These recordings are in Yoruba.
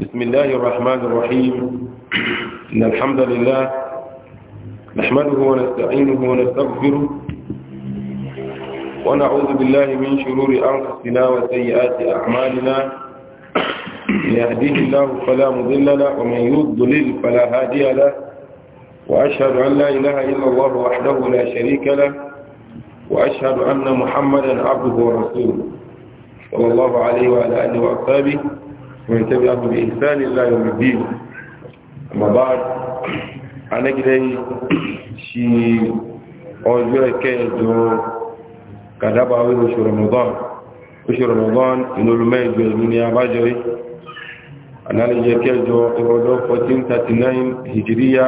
بسم الله الرحمن الرحيم إن الحمد لله نحمده ونستعينه ونستغفره ونعوذ بالله من شرور أنفسنا وسيئات أعمالنا يهديه الله فلا مضل له ومن يضلل فلا هادي له وأشهد أن لا إله إلا الله وحده لا شريك له وأشهد أن محمدا عبده ورسوله صلى الله عليه وعلى آله وأصحابه ومن تبعهم بإحسان الله يوم الدين أما بعد أنا كده شيء أوجه كيدو كدابا وشو رمضان وشو رمضان إنه لما يجوز من ياباجوي أنا لجي كيدو إبادو 1439 هجرية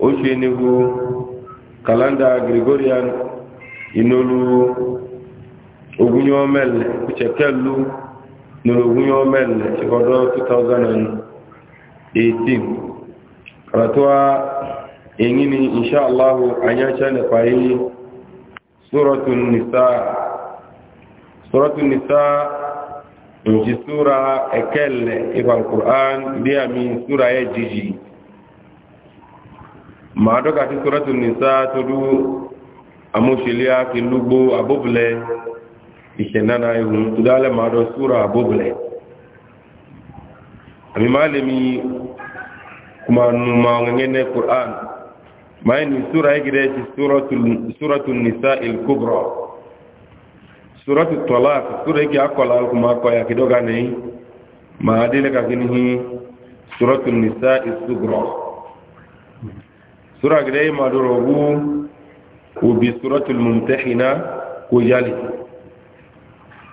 وشو إنه كالندا غريغوريان إنه ogun yọ mẹ́lẹ̀ ìṣẹ̀kẹ́lú nínú ogun yọ mẹ́lẹ̀ ìkọ̀dọ̀ 2018 karatuwa èyí ni inṣá aláhù anyáṣẹ́ nípa yìí suratun nisa, nìsí súra ẹ̀kẹ́lẹ̀ ìbàn kùrán bí àmì súra yẹ jìjì ma dọ́ka tí sóratun nìsá tó dú amóṣèlé akìlúgbó abóbulẹ̀ ìṣẹ̀nana ihun tó dálẹ̀ máa lọ súra àbóbulẹ̀ àmì máa lè mi kuma numa ngẹ́nẹ́ ƙùrán máa ní súra ẹgidẹ́ ti súratu nisa ilkubro súratu tọ́lák súra ẹgidẹ́ akọ̀lá kuma akọ̀yà kìdọ́gà ní máa délẹ̀ kàkí ní súratu nisa ilkubro súra ẹgidẹ́ máa dọ̀rọ̀ wú òbí súratu mumtẹ́hìnà kó yálẹ̀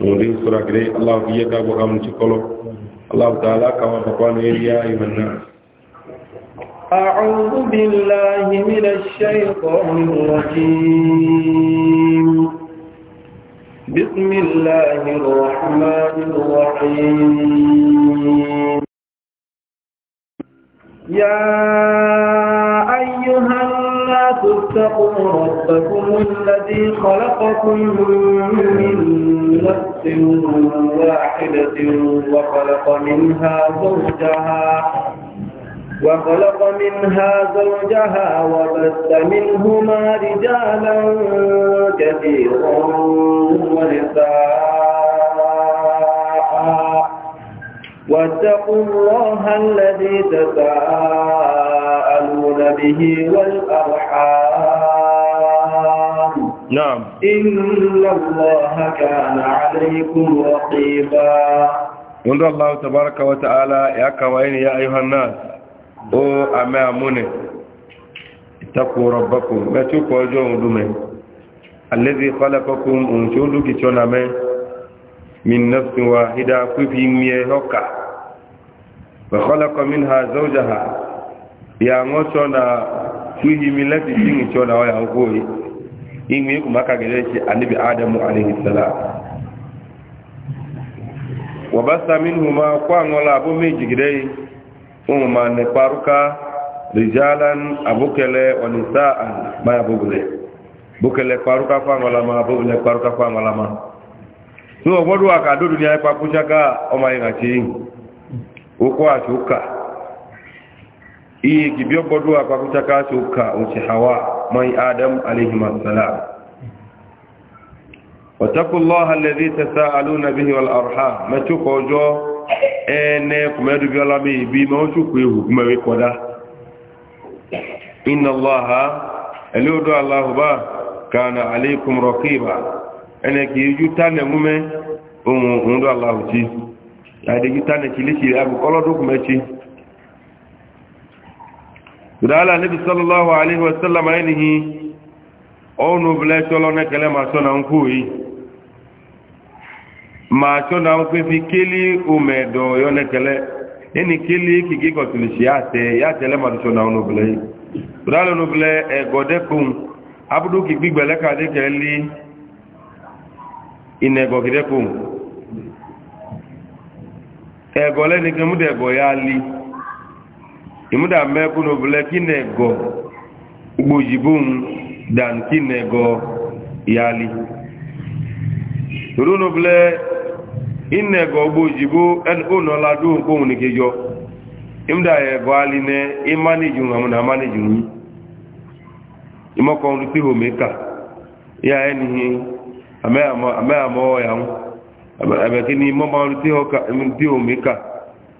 ونريد سورة كده الله فيك أبو أمن تقلق الله تعالى كما تقوان يا أيها الناس أعوذ بالله من الشيطان الرجيم بسم الله الرحمن الرحيم يا أيها اتقوا ربكم الذي خلقكم من نفس واحدة وخلق منها زوجها وخلق منها زوجها وبث منهما رجالا كثيرا ونساء واتقوا الله الذي تساءلون تساءلون به والأرحام نعم إن الله كان عليكم رقيبا وندر الله تبارك وتعالى يا كوين يا أيها الناس أو أمامون اتقوا ربكم ما تشوفوا الجوم الذي خلقكم انشودك تشونامين من نفس واحدة كفي ميهوكا وخلق منها زوجها ya ngo na tuji milati jingi chona waya ngoi ingi kumaka gelesi anibi adamu alayhi salam wabasa minhuma kwa ngola abu meji gidei umma ne paruka rijalan abukele wa nisaan ma abukele bukele paruka kwa la ma abukele paruka kwa la ma so wodu akadodu ni aipa kuchaka o mai ngati ukwa chuka iye gibiyar bado a kwakwuta kasu ka wuce hawa mai adam alaihimassalam watakullaha lalazi ta sa'aluna bihi wal arham mace kojo ene kuma yadda biyola mai bi ma wasu ku yi hukumar rikwada gbedala nebi sallallahu alaihi wasallam ainihi ọnụ bile chọlọ nekele ma chọ na nkwụ ma chọ na nkwụ efi keli umedo yo nekele eni ya te ya tele ma chọ na ọnụ bile kigbi ka dị egole ni kemụda ya li imuda mmebu n'obule kinego gbojibum dan kinego yali toro n'obule inego gbojibu ụnọla dum kpohun ni kejo imuda ego ali ne imaniju yi homeka ya enihi ya homeka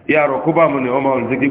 ya mu ni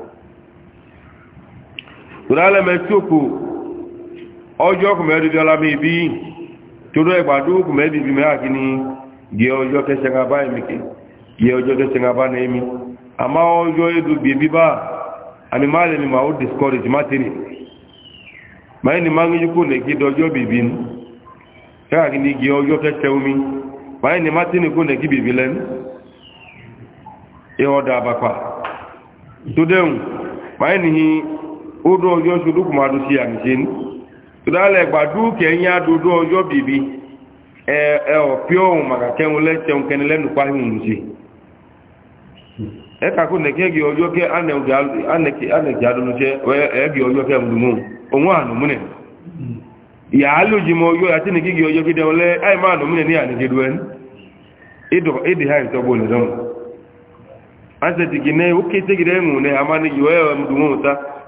tòlálẹ mẹtí òkò ọjọ kùmẹ dúdú ọlámi bí tòdó ẹgbàdó kùmẹ bíbí mẹ àkíní gé ọjọ kẹsẹ ń abá ẹmí ké gé ọjọ kẹsẹ ń abá nẹmí àmà ọjọ edo bèbí bá àmì má lẹni ma ó n'i ma tẹlẹ mà ẹni má ń yí kó nu omi mà ẹni má ma n'i odo ọjọ́ ṣojú kò máa dùn sí àmì ṣe ní tọ́dálẹ̀ gbàdú kẹyìn àdúdó ọjọ́ bìbí ẹ ọ̀pẹ́ ohun màkàkẹ́hun lẹ́tẹ̀hun kẹni ẹ kàkó nẹ̀kẹ́gì ọjọ́ kẹ anẹ̀kì adúnúṣẹ́ ẹ̀ẹ́gì ọjọ́ kẹ mùdùmù òun ànùmúnẹ̀ ìyá lójúmọ́ ọjọ́ àti nìkígì ọjọ́ ní ha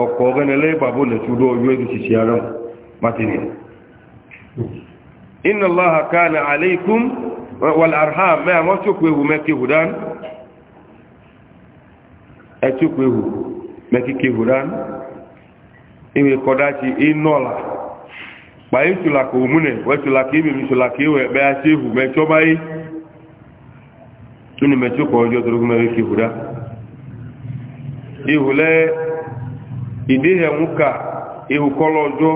ọkọ̀ ọ̀gẹ́nẹ̀lẹ́ ìpàbò lè ṣúdó ojú èdè ṣiṣẹ́ ara martini inna allaha kana alaykum wal arham ma mo chukwe hu me ki hudan e chukwe hu me ki ki hudan iwe kodachi inola pa itula ko mune we ihule ìdíhẹ̀ ń ka ihu ọjọ́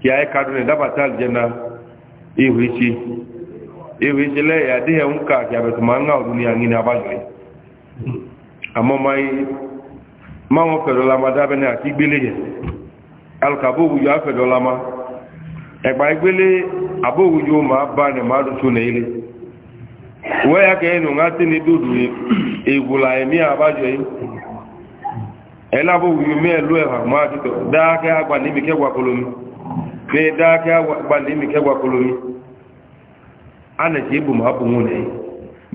kí a ẹ̀ka dùn ìdábàtà àlùjẹ́nà ihu ìṣe ihu ìṣe lẹ́yìn àdíhẹ̀ ń ka kí àbẹ̀tù ma ń ná ọdún ní ní abájọ́rẹ́ àmọ́ máa wọn dábẹ́ni àti gbélé yẹn ẹ̀lá bó wùyọ mẹ́ẹ̀lú ẹ̀hà máa títọ̀ dáákẹ́ àgbà níbi kẹwàá kolomi pé dáákẹ́ àgbà níbi kẹwàá kolomi a nà ṣe ibù nẹ̀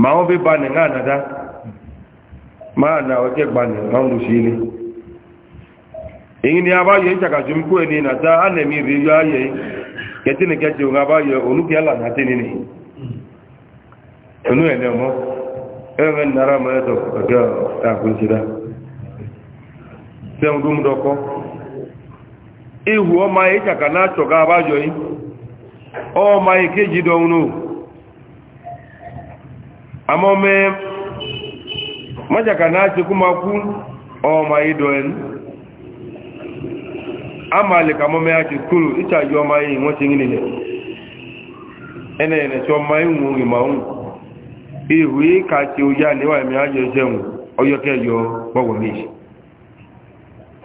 ma wọ́n bụ ba nẹ̀ náà nàdá máa nà ọ̀kẹ́ gbà máa mú sí ilé èyí ni a bá yẹ ìṣàkàṣù ń ẹni nàdá a nà mí rí yọ ayẹ òun a bá yẹ ẹ̀ mọ́ ẹ̀rọ mọ́ sẹ́hun tó ń dọ́kọ́ ihu ọmọ ìtàkà náà tọ̀gá abájọ yìí ọmọ ìkéjì dọ̀hun náà àmọ́ mẹ́ mọ́jàkà náà ti kú ma kú ọmọ ìdọ̀ ẹnu a máa lè kàmọ́ mẹ́ àti kúrò ìtàjọ ọmọ yìí wọ́n ti ń nílẹ̀ ẹnẹ̀ ẹ̀nẹ̀ tí ọmọ ìhùn ìmọ̀hún ihu ìkà ti ó yá ìmì àjọ ìṣẹ́hùn ọyọ́kẹ́ yọ pọ̀wọ̀ e méjì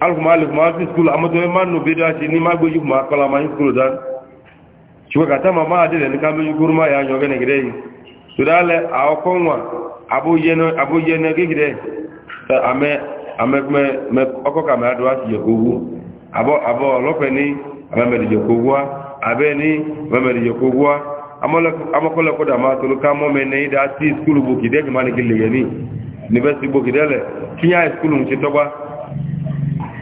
alukuma alukuma fi sukulu amadu ma nu bi da si ni ma gbeju kuma kala ma ni sukulu dan sugbɛ ka taama ma adi lɛni k'an bɛ yukuru ma y'a ɲɔgɛn ne gɛrɛ yi tuda lɛ awo kɔn wa a b'o yɛnɛ a b'o yɛnɛ gɛgɛrɛ tɛ a mɛ a mɛ mɛ mɛ ɔkɔ ka mɛ a do a ti jɛ kogu a bɔ a bɔ lɔfɛ ni a mɛ mɛ di jɛ kogu wa a bɛ ni a mɛ mɛ di jɛ kogu wa amɔlɛ amɔkɔlɛ ko dama tolo ne da si sukulu bo k'i dɛ ma ne k'i lɛgɛ ni ne si bo k'i dɛ lɛ fiɲɛ ye sukulu ŋun ti dɔgba.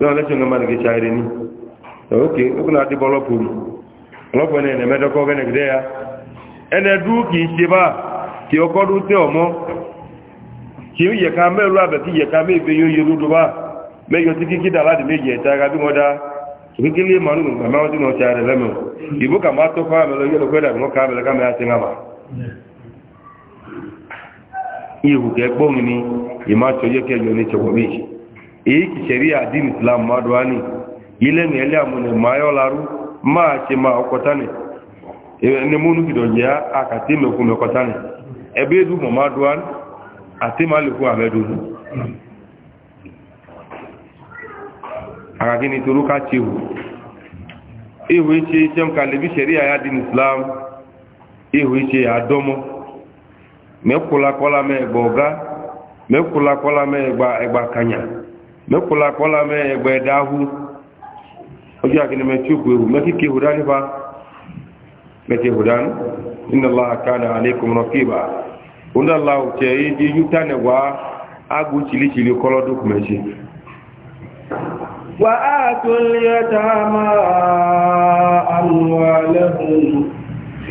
lọ́wọ́ lẹ́sùn ọmọ nìkẹ́ ṣáyẹrẹ ní òkè ókùnlá àti bọ́lọ́pù ọlọ́pù ẹni ẹ̀mẹ́dọ́kọ́ ọgẹ́ nìkẹ́ ya ẹni ẹdú kì í ṣe bá kì ọkọ́ tẹ́ ọmọ kì í yẹ̀ka mẹ́rù àbẹ̀ kí yẹ̀ka mẹ́ẹ̀bẹ̀ yóò yẹ lódò bá mẹ́yọ tí kíkí dà láti méjì ẹ̀ta ẹ̀ka bí wọ́n dá òkèkélé màlúù gbàmọ́ tí wọ́n ṣáyẹrẹ lẹ́mọ̀ èyíkì ṣẹ̀rí àdínì islam mọ́dúwá ní ilé ní ẹlẹ́ àmúnẹ̀ máyọ́lárú máa ṣe ma ọkọ̀tá ẹni múnú kìdọ̀ jẹ́ àkàtí mẹ́kún mẹ́kọ̀tá nì ẹbí mọ́dúwá àti má lè mẹ́ ẹgbà ọ̀gá mẹ́ ẹgbà kanya kpọla kọ́lá mẹ́ ẹgbẹ́ ẹ̀dáhú ojú àkínní mẹ́tí òkú ewu mẹ́kíkẹ́ ìhùdá nípa na ìhùdá nílọ́lá àkánà àlékún rọ́kìbà onílọ́lá òkè èyí yúta nẹ̀wá ágùn agụ kọ́lọ́dún kùmẹ̀ṣe. wà á tó lè yẹ tá a máa àwọn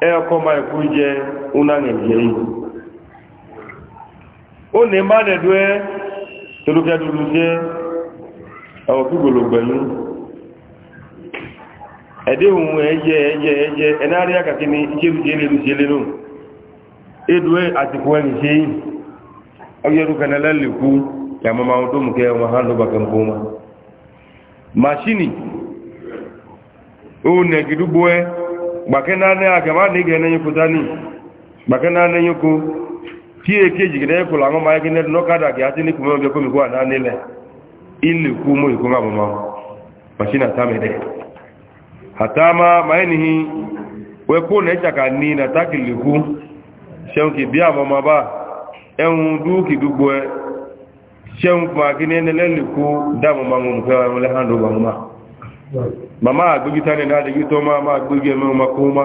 ẹ̀ọkọ́ máa kú jẹ unánẹ̀jẹ̀ yìí ó ní bá dẹ̀dú ẹ́ tolókẹ́dúdú jẹ́ ọ̀pígbòlògbẹ̀lú ẹ̀dẹ́ ohun ẹ̀yẹ ẹ̀yẹ ẹ̀yẹ ẹ̀nárí àkàkí ni ìṣẹ́lú edue atikuwa ya ke mashini gbake naanị anaghị aga ma na ị ga-enenyekwu dani gbake naanị anaghịkwu tie ke ji gide aṅụ ma gị nedu n'ọkada gị atị n'ikwu mebe komikwu a naanị ile ilekwu ụmụ ikwu amụma machi na tamide hatama ma anyị n'ihi wee na ịcha ka ni na takilikwu shenki bịa amụma ba enwu duki dugbo shenku ma gị na enele likwu da amụma nwụ mfe ha ndụ ụgbọ amụma mama agbegi tani na adịghị to ma ma agbegi eme maka ụma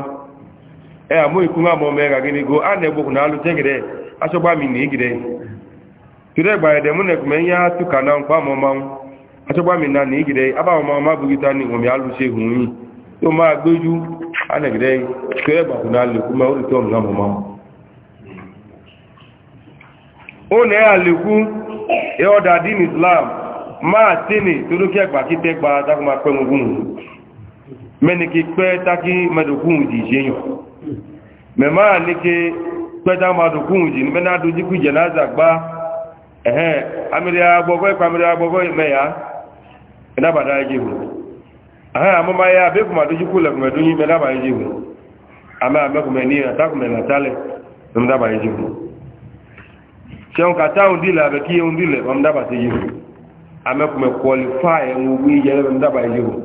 e amụ ikwu nwa ma omee ga gịnị go a na-egbokwu na alụte gịrị achọgba mi na igide kire gbanyere mụ na ekume ihe atụ ka na nkwa ma ọmanwụ achọgba mi na na igide aba ma ma agbegi tani omi alụse ihu nyi to ma agbeju a na-egide kire gbakwu na alụkwu ma orite ọnụ na ọmụma ọ ya alụkwu ịọda din islam máa tí ni torí kí ẹgbà kí tẹ́gbà tákù máa pẹ́ ogun òun mẹ́ni kí pẹ́ tákì mẹ́dọ̀kún òjì ṣéyàn mẹ́ máa ní kí pẹ́ tákù mẹ́dọ̀kún òjì ní mẹ́ni adójíkú jẹ̀náza gbá ẹ̀hẹ́n amírí agbọ́gbọ́ ipa amírí agbọ́gbọ́ mẹ́yà ẹ̀dábàdá ẹjẹ́ wò ẹ̀hẹ́n àmọ́ máa yá abẹ́kùnmá adójíkú lẹ̀kùnmẹ́dóyìn mẹ́dábàá ẹjẹ́ wò àmẹ́ àmẹ́kùnmẹ́ ní àtàkùnmẹ́ nàtálẹ̀ mẹ́dábàá ẹjẹ́ wò ṣẹun kàtà òun dìlẹ̀ àbẹ̀kí amekume qualify ngugui jere ndaba yiwo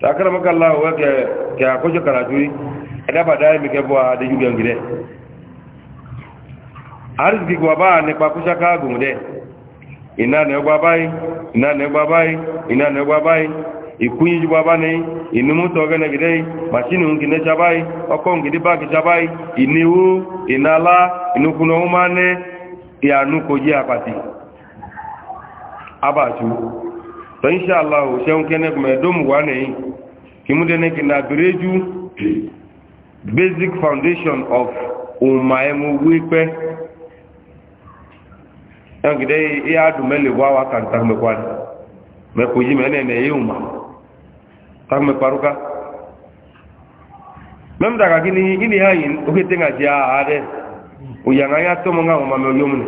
takara makalla wa ke ke akoje karatu ada badai mi ke bo ade yuga ngire arziki kwa ba ne kwa kusha ka gumde ina ne kwa bai ina ne kwa bai ina ne kwa bai ikunyi ju baba ne inu muto ga ne gire mashinu ngine chabai oko ngidi ba ki chabai iniwu inala inukuno n'e, ya nuko je apati abaju to insha Allah sheun kene kuma dum wane kimude ne kina bireju basic foundation of umaemu wipe ngide ya du mele wa wa kan tar kwani me kuji mene ne yuma tar paruka mem daga gini gini hayin o ketenga ja ade yumne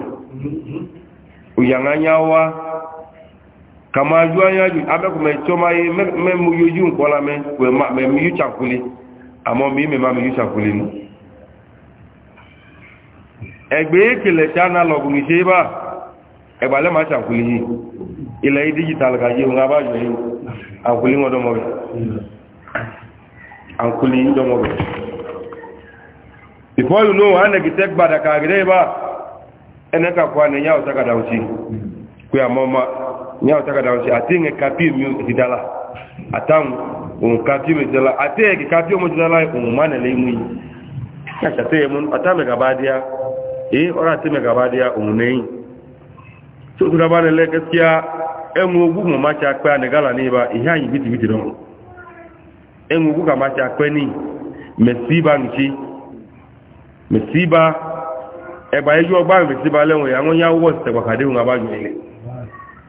kama ju anya ju abeku me choma ye me mu yuju nkola me we ma me mi yucha kuli amo mi me ma mi yucha kuli ni egbe kile chana log ni ma cha yi ile digital ga nga ba ju yi akuli ngodo mo akuli ndo mo before you know ki tek ka gre ba eneka kwa ne nya o da uchi ku ya mama ni aw taka dawsi atinge kapi mi hidala atang un um kapi mi dala atege kapi mo dala un mana le mi ya ta te mun atame gabadia eh ora atame gabadia un um nei so dura bana le gaskiya en ogu mo ma cha pa ne gala ni ba ihan yi biti biti don en eh, ogu ka ma cha pa ni mesiba nchi mesiba ẹgbà ẹjọ́ ọgbà ìrìsíbalẹ̀ wọn ìyàwó yáwó wọ́n ti tẹ̀gbàkàdé òun abájú ilẹ̀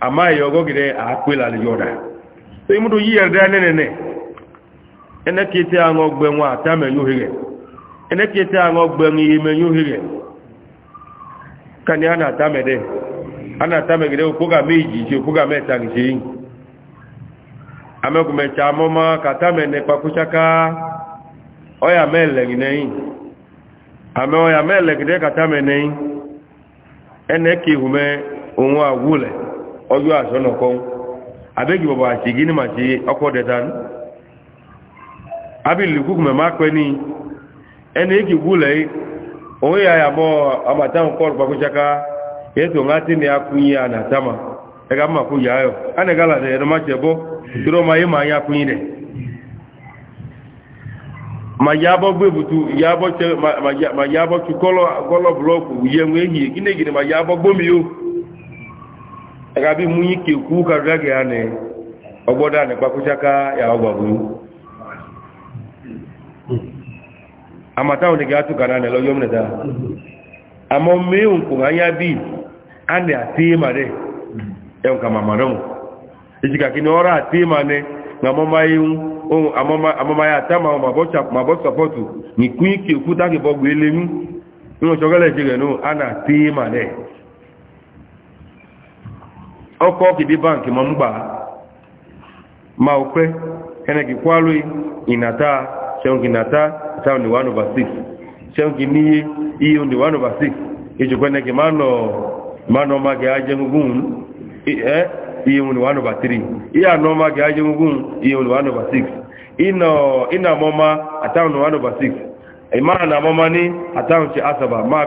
ama yogogide akwela le yoda so imudu yiyarda er nenene ene kete ango gbe nwa atame yuhige ene kete ango gbe nyi me yuhige kani ana atame de ana atame gide okuga meji je okuga meta nje amekume cha mama katame ne pakuchaka oya mele ngine ame oya mele gide katame ne ene kihume onwa wule ọjọ́ àṣọ́nà kan abẹ́gì bọ̀bọ̀ àti gíní ma ṣe ọkọ̀ dẹ̀ta ní abìlì kúkùnmẹ̀ máa pẹ́ ní ẹni èkì gúlẹ̀ òun yà yàbọ̀ àmàtàun kọ́ ọ̀rọ̀pàkúnṣaká yẹ́tò ń rántí ní akúnyí ànàtàmà ẹgbà máa ma yàáyọ̀ ánìkálà ma yé ma yá ma yàbọ̀ gbébùtù ma yàbọ̀ ẹ̀gàbí mú yí kèkú kàrẹ́gẹ̀ ya ni ọgbọ́dá ní pàkúṣáká ya ọgbà bú àmàtàwọn ìgbà àtúkà náà lọ yọmọ nìta àmọ́ mẹ́un kò bí a ní àtíyèmà rẹ̀ ẹun kà màmà náà ìjìkà kí ọ́rọ̀ àtíyèmà ní àmọ́máyà àtàmà màbọ́sọ̀pọ̀tù ní kú a ọkọ̀ kìdí báǹkì mọ́ ń gbà ma ò pẹ́ ẹnẹ́kì kwálù ìnàtà ṣẹunkì nàtà táwọn 1 over 6 ṣẹunkì níye iye ní 1 over 6 ìjùkọ ẹnẹ́kì má nọ ọmọ gẹ̀ ajẹ́gungun ẹ́ iye ní 1 over 3 ìyà nọ ọmọ gẹ̀ ajẹ́gungun iye 1 over 6 ìnà mọ́má àtàwọn ní 1 over 6 ìmáà nà mọ́má ní àtàwọn ṣe àsàbà máa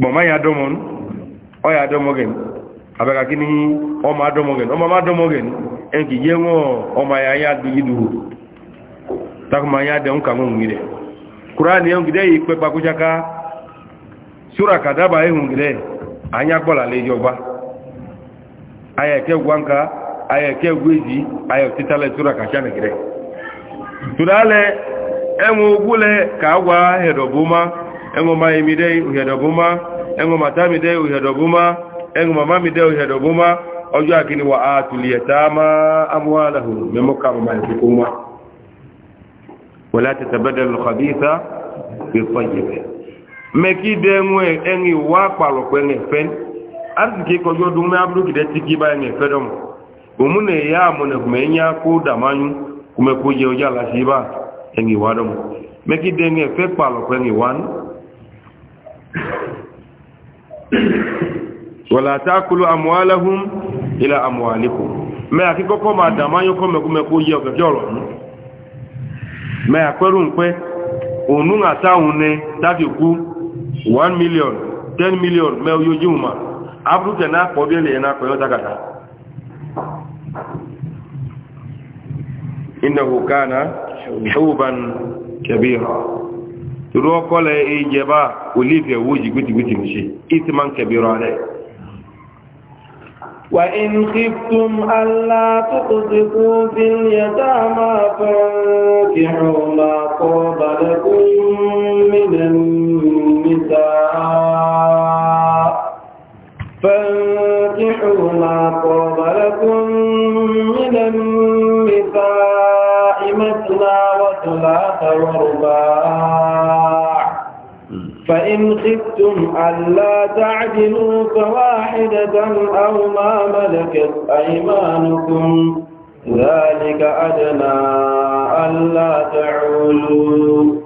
gbọ̀mọ́ ya dọ́mọ́ nú ya dọ́mọ́ gẹ̀ abẹ́ka kí ní ọmọ adọ́mọ́ ma ma ya ya dìídù takuma ya dẹ̀ ń kà ń anya gbọ́là lè jọba ayẹ̀kẹ́ gwanka ya gwéjì ayẹ̀ títàlẹ̀ súra ka nìgidẹ́ tùdálẹ̀ ẹ̀wọ̀n ogúnlẹ̀ kàá wà engoma imidei uhedoguma engoma tamidei uhedoguma engoma mamidei uhedoguma ojo akini wa atul yatama amwalahum memoka mama yakuma wala tatabadal khabitha bi meki denwe engi wa palo kwenge fen arziki ko jo dum kide tiki ba nge fedom umune ya mune kumenya ku damanyu kumekuje engi wadom meki denwe fe palo kwenge wan wala takulu amwalahum ila amwalikum me akikoko ma damanyo ko me kume kuye ogejoro me akweru npe onu ata une tabi ku 1 million 10 million me oyoju ma abru ke na na ko kata toro kɔlɛ ejɛba olivi ɛwoji gbitigbiti musi itiman kɛbirɔ alɛ. وإن خفتم ألا تقسطوا في اليتامى فانكحوا ما طاب لكم من النساء فانكحوا ما طاب لكم من النساء مثنى وثلاث ورباع فإن خفتم ألا تعدلوا فواحدة أو ما ملكت أيمانكم ذلك أدنى ألا تعولوا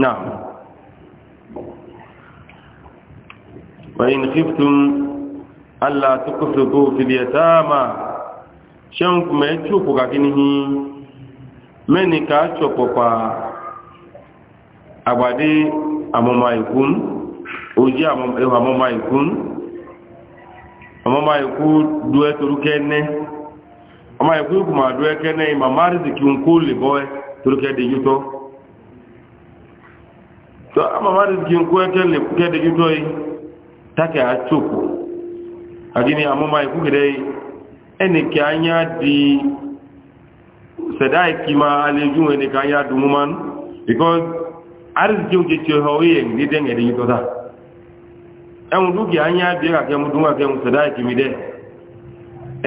نعم وإن خفتم ألا تقسطوا في اليتامى شنك ما يتشوفوا كاكينه منك أتشوفوا أبدي amọ́mọ́ ikún ojí amọ́mọ́ ikún amọ́mọ́ ikú dúẹ́ torúkẹ́ ní ọmọ ikú ikú ma dúẹ́ kẹ́ ní ìmọ̀ márìsì kí n kó lè bọ́ ẹ torúkẹ́ dèjú tọ́ tọ́ ọmọ márìsì kí n kó ẹ kẹ́ dèjú tọ́ yìí tákẹ́ àtsòkò àdínní amọ́mọ́ ikú kẹ́dẹ́ yìí ẹnì kí a nyá di sẹ̀dá ìkí ma alẹ́ ju ẹnì kí a nyá dùn mú ma nù because. arziki oge ce hawaye ne dan yadda yi tota ẹwùn dúkìá ń yá bí kàkẹ́ mú dúnwà kẹ́mù sẹ̀dá ìkìmí dẹ́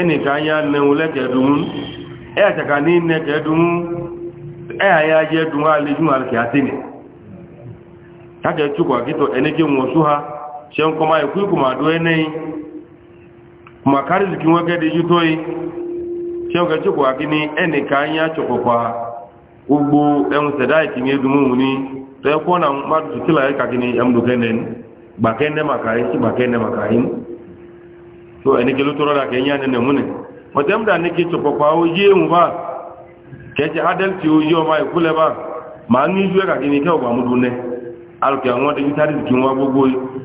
ẹnìkan yá nẹun lẹ́kẹ̀ẹ́dùnmú ẹ̀yàtàkà ní nẹkẹ̀ẹ́dùnmú ẹ̀yà jẹ́ dùnwà lẹ́jùmọ̀ alẹ́kẹ̀ àtẹ́nì kàkẹ́ ha to ekwo na mmadụ tutula ya ka gịnị ya mdu kenen maka isi gbakene maka im to ene gelu toro da kenya ne ne mune wata mda ne ke chopo ba ke adel ti ma ikule ba ma ni ju ka gịnị ke ogba mudu ne ke ki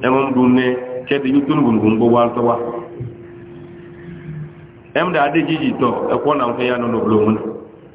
e mo mudu ne ke de yutun gun gun to wa to na ya no no blo mune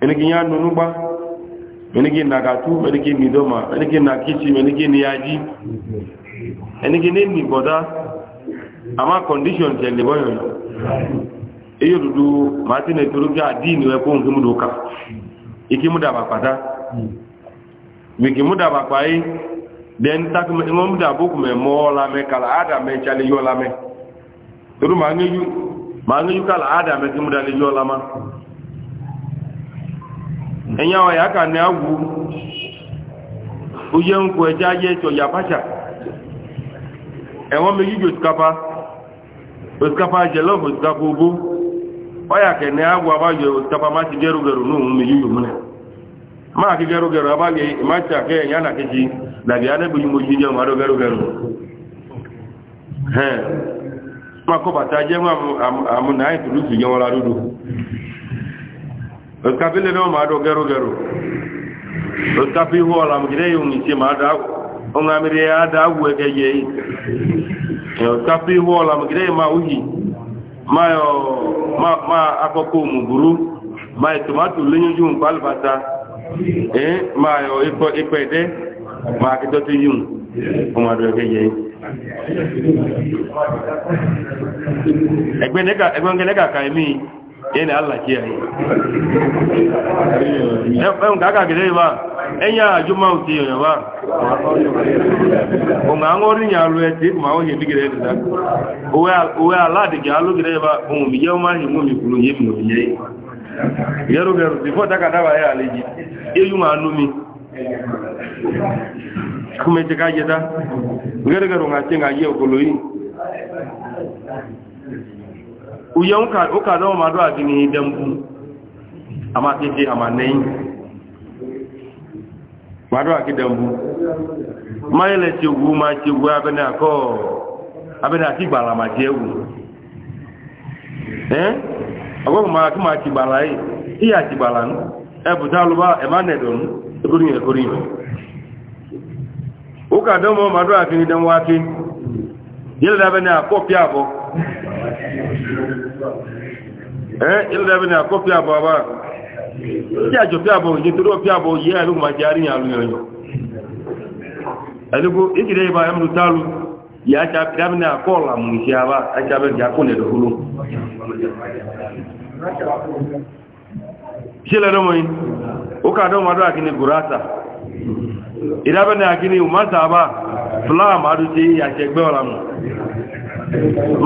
eniki ya nunugba eniki na gatu eniki midoma eniki na kichi eniki ni yaji eniki ni ni boda ama condition je le boyo eyo dudu mati na turuga adini we ko ngimu doka ikimu da bakwata wikimu da bakwai den tak ngom da boku me mola me kala ada me chale yola me turu ma ngeju ma ngeju kala ada me kimu da le yola ma ẹ̀yà ọ̀yà kà ní àwù oyé ń kọ ẹja ayé ẹ̀tọ́ yàbáṣà ẹ̀wọ́n mi yíyí òsìkápá òsìkápá jẹlọ́ọ̀fù òsìkápá ogbó ọ̀yà kẹ̀ ní àwù abáyọ òsìkápá má ti gẹ́rùgẹ̀rù ní òun mi yíyí ya má ti gẹ́rùgẹ̀rù abáyọ má ti àkẹ́ ẹ̀yà nàkejì làbí anẹ́bùyí òtítàfi lè ní ọmọ àdó ya òtítàfi ihu ọ̀làmùgídé ìhùn ìṣe máa dá ọmọ ma adáwù ẹgẹ yẹ yìí ma ihu ọ̀làmùgídé ma òyì máa akọ́kọ́ òmùgbúrú máa tòmátò lóyúnjú pálùbátà ẹ́ máa yọ yana Allah kiyaye ɗan kaka gida ba ɗan ya hajji ma wuce yana ba ƙunga an ya ruwa ala da ke alu gida ba yau ma yi yi yaro ka ụka dọọ ma dọọ adị n'ihi de mkpu amatịtị amanei ma dọọ akị de Ma mmanya e. na-eti ugwu ma ti ugwu abịa akọ abịa akị gbara ma ti egwu ee ọgwọgwụ ma akị ma ti gbara ihe ati gbara ebụta alụba ebe a na-edo m ekori ekori ụka dọọ ma dọọ akị n'ihi de nwa akị yeleda abịa akọ pịa ẹ́ eh, ilẹ̀ bẹ̀rẹ̀ àkọ́ fí àbọ̀ àbá tí àjọ fí àbọ̀ òjì torí ya àbọ̀ òjì ẹ̀rù máa jẹ́ àríyàn alùyànyàn ẹ̀lúgbó ìkìdẹ̀ ìbá ẹmùrù tálù yà á ṣe àbẹ̀rẹ̀ àkọ́ ọ̀làmù ìṣẹ́ àbá àṣẹ àbẹ̀rẹ̀ àkọ́ nẹ̀dọ̀ kúrò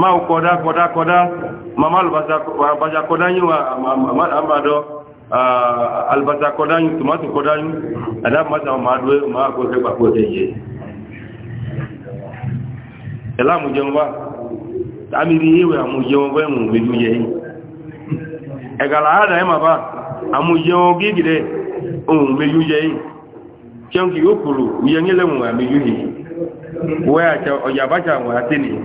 máa kọ́dá kọ́dá kọ́dá mama albasa kọ́dá yín wa àmàdọ́ albasa kọ́dá yín tomato kọ́dá yín adábàmásà ah, máa dúé máa ma ẹgbẹ́ pàpọ̀ ẹ̀yẹ ẹ̀láàmù jẹun wá tàbí ìwẹ̀ àmújẹun bẹ́ẹ̀mù ìlú yẹ ẹ̀gàlà àádà ẹ̀ màbá àmújẹun ohun yẹ ó yìí wẹ́ àtẹ́nìyàn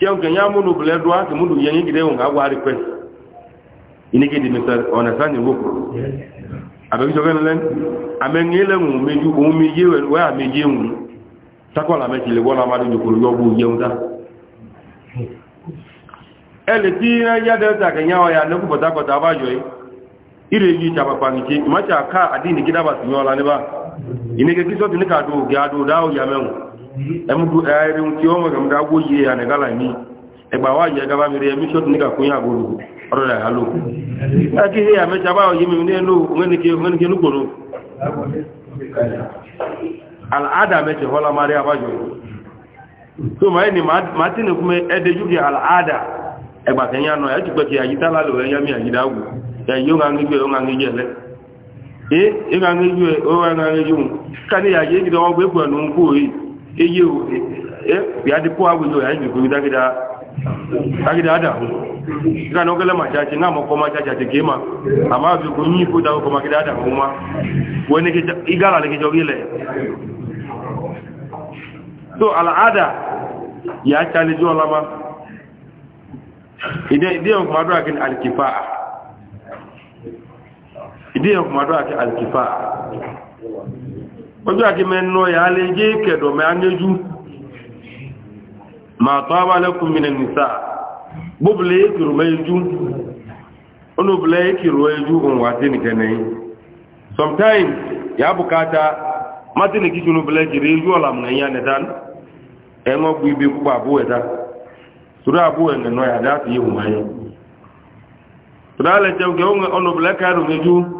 kyɛw kɛ nyɛ amu nubilɛ do ake mu du yɛ nyi gidɛ wɔn awa request yini ke di mr ɔnasa ni wo abɛbi sɔ kɛnɛ lɛ amɛ ŋe lɛ ŋu meju òun mi yé wɛ a mi yé ŋu sakɔla mɛ tile wɔla ma do dzokoro yɔ bo yɛ ŋu ta ɛlɛ ya dɛ ta kɛ nyɛ wɔ ya ne adi ni kidaba la ne ba yini ke kisɔ ti ne ka emuku ayiri eh, nki o nwere mgbe agwọ ya na gala mi ịgba wa yi gaba mmiri emi shot nika kwunye agboro ọrụ na halo aki eh, ihe ya mecha ba oyi mmiri n'elu nwenike n'ugboro al'ada mecha hola mari abajo so ma ni ma ti ne kuma edeju eh, al'ada ẹgbà ya àná ẹ ti pẹ kí pẹ̀lú ń kú eye o ya di ko awuzo ya ju ko dagida dagida ada ga no gele ma cha chi na mo ko ma cha cha ke ma ama ju ko ni ko da ko ma ada ko ma woni ke igala le ke jogi le so ala ada ya cha le jo lama ide ide ko ma do akin al kifaa ide ko ma akin al kifaa ojú àti mẹ́nà yà lè jẹ́ kẹ̀dọ̀ mẹ́ anéjú ma tọ́ bá lẹ́kùn mìnà nìsà gbóbulẹ̀ ìkìrò mẹ́jú onúbulẹ̀ ìkìrò ẹjú ohun àti nìkẹ́nẹ̀ sometimes ya bukata martin kìí onúbulẹ̀ jìrì ẹjú ọ̀làmùnẹ̀yà nẹ̀dá ẹ̀wọ̀n gbú ibi púpọ̀ àbú ẹ̀dá torí àbú ẹ̀nẹ̀nà yà dá sí ihùn ayé torí àlẹ́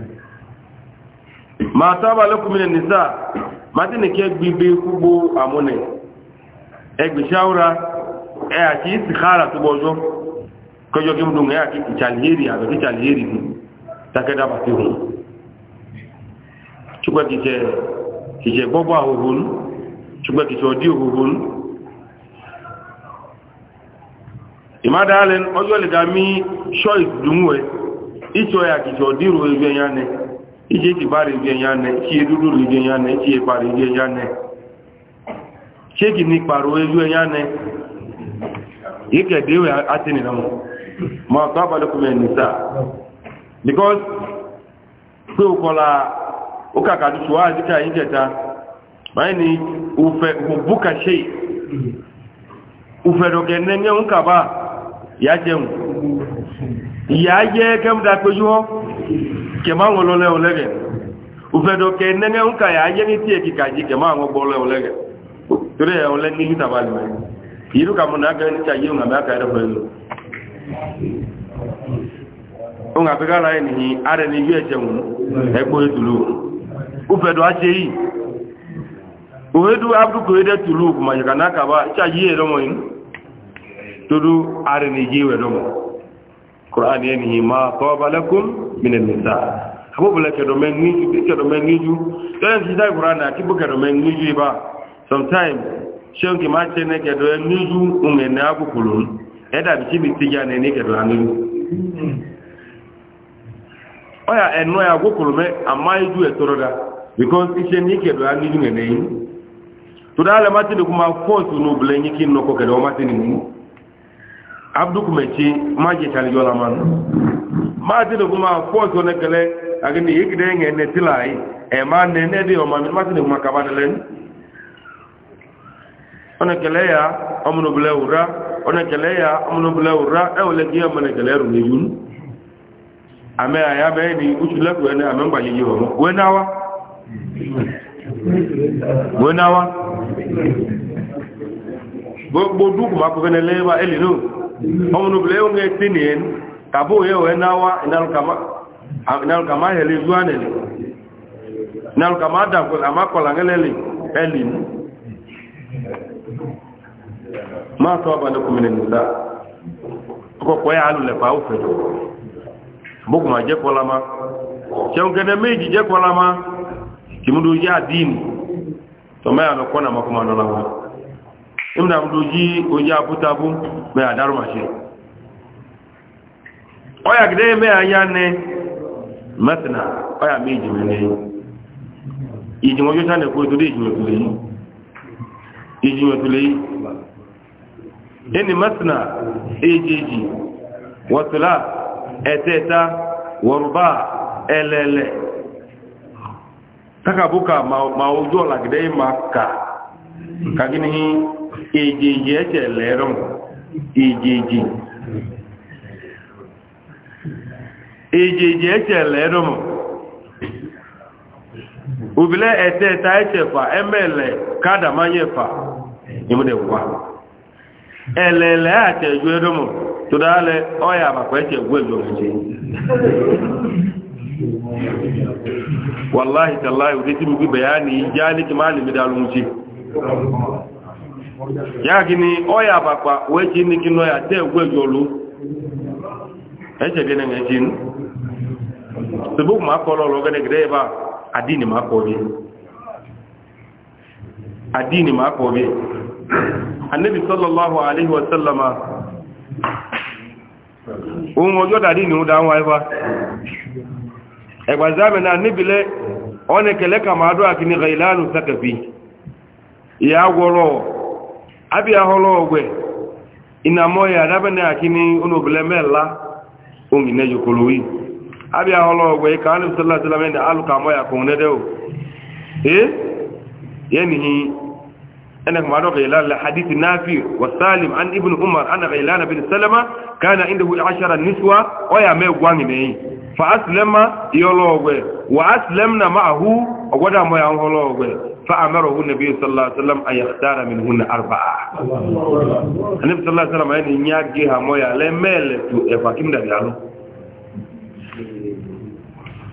ma sábà lẹ́kùn mi ní nìsá ma ti nìkẹ́ gbígbé kúgbó àmúnẹ̀ ẹgbẹ̀ ṣáwúra ẹ àti ìsìkára tó bọ́jọ́ kọjọ́ kí mú ẹ àti ìtàlìyèrì àbẹ̀kí ìtàlìyèrì ní takẹ́dà pàtí hùn ṣùgbẹ́ kìíṣẹ́ kìíṣẹ́ gbọ́gbọ́ àhòhòn ṣùgbẹ́ kìíṣẹ́ ọdí òhòhòn ìmádàálẹ̀ ọjọ́ lè dá mí ṣọ́ ìdúnwẹ̀ ìṣọ́ ẹ̀ àkìíṣẹ́ ọdí ìrò ije kibari ya yane ki eduru li je yane ki epari je yane ṣe kì ní pàrọ̀ ejú ẹyánẹ ìkẹ̀dẹ̀wẹ̀ àtìnìyàn mọ̀ mọ̀ kábàlùkùnmẹ̀ nìta because pé o kọ́la ó kàkà ni kẹmà ń lọlẹ ọlẹgẹ òfẹdọ kẹ nẹgẹ ń kàyà ayé ní tiẹ kíkà jí kẹmà ń gbọ ọlẹ ọlẹgẹ torí ẹ ọlẹ ní lítà balẹ mẹ yìí kà mọ náà kẹrin níta yìí ń àmì àkàrẹ fẹ lọ. ń àfikà láyé nìyí ara ẹni yú ẹsẹ wọn ẹgbọ ètùlù òfẹdọ àṣẹ yìí òfẹdọ abdukọ yìí dẹ tùlù kùmàjọkà náà kàbá ṣáà yìí ẹ yìí todo Qur'an yẹn nìyí máa tọ́ba lẹ́kùn min an-nisa. Abúbọ̀lẹ̀ kẹ̀dọ̀mẹ́ níjú. Tẹ́lẹ̀ ti dá Qur'an náà kí bó kẹ̀dọ̀mẹ́ níjú ibà. Sometimes, ṣéun kì máa ṣe ní kẹ̀dọ̀ ẹ níjú ǹgẹ̀ ní àbùkù lòun. Ẹ dàbí kí mi ti yá ní kẹ̀dọ̀ á níjú. Ọ̀yà ẹ̀nú ẹ̀ àgbókòrò mẹ́ àmá ijú ẹ̀ tọrọ dá. Because iṣẹ́ ní kẹ̀dọ̀ á níjú ǹgẹ̀ nẹ́yìn. Tòdá alẹ́ má ti dẹ̀kú máa fọ́ọ̀tù ní obìnrin yín abdukumechi majechali yola man maati de kuma kpɔtɔ ne kɛlɛ agini yi kide ŋɛ ne tila yi eh, ɛ ma ne ne de ɔma mi maati de kuma kaba de lɛ ni ɔne kɛlɛ ya ɔmunubilɛ wura one kɛlɛ ya ɔmunubilɛ wura ɛwɔlɛ kiyɛ ɔmɛ ne kɛlɛ ru ne yun amɛ aya bɛ ni utu lɛ kuɛ ne amɛ ŋgba yeye wɔmɔ wɛ na wa wɛ na wa gbogbo du kuma kɔkɛ ne lɛ ba eh, ọmọ bile yau ne tiniyen tabo inal ya inal inalkama heli zuwa ne inalkama dakwal amma kwalangalele elin ma sọ ba ne kuma ne nisa ọkọ kwaya alulẹ̀fà òfin bókùnmà jẹ́ kọlama ṣẹun kẹ́nẹ́ méjì jẹ́ kọlama kìmúdó yá dìínì tọ́mẹ́yà lọ kọ́nà mọ́kànlá lọ́wọ́ nna m doji onye abụtabụ mgbe adarụmachi ọya gide eme anya nne metina ọya ma iji mene iji nwe ojocha na-ekwu iji nwetule yi iji yi wọtụla eteta wọrụba elele ma ka èjèèjì ẹ̀jẹ̀ lẹ́rùn èjèèjì èjèèjì ẹ̀jẹ̀ lẹ́rùn òbílẹ̀ ẹ̀tẹ́ obile ete fà ẹ̀mẹ́lẹ̀ kádàmáyẹ̀ fà ìmúdẹ̀ wà ẹ̀lẹ̀lẹ̀ àtẹ̀jú ẹ̀rùn tó dáálẹ̀ ọ̀yà àbàkọ̀ ẹ̀jẹ̀ gbọ́ makwa ẹ̀jẹ̀ wàláhìtàláhì òdí tí mo gbé bẹ̀yà ní ìjá ní kí máa lè mí ya gị ni ọya bakwa wee chi nne gị n'ọya olu eche gị na echi sebe ma akọrọ ọlụ gịnị gịrị ebe a adini ma akọ gị adini ma akọ gị annabi sallallahu alaihi ohun ọjọ́ dàdí ni ó dá wọn ẹfà náà níbilẹ̀ ọ́nà kẹlẹ́kà máa dọ́ àkíní ìlànà ìyá wọ́rọ̀ abịa hụla ogwe ina mọ ya adabana akini onobule mela ongi ne jokolo abịa hụla ogwe ka alif sallallahu alaihi wasallam ka mọ ya eh yani انا ما روى غيلان لحديث نافي وسالم عن ابن عمر انا غيلان بن سلمة كان عنده عشر نسوة ويا فأمره النبي صلى الله عليه وسلم أن يختار منهن أربعة النبي صلى الله عليه وسلم يعني نياجيها مويا لميل فاكم دبيالو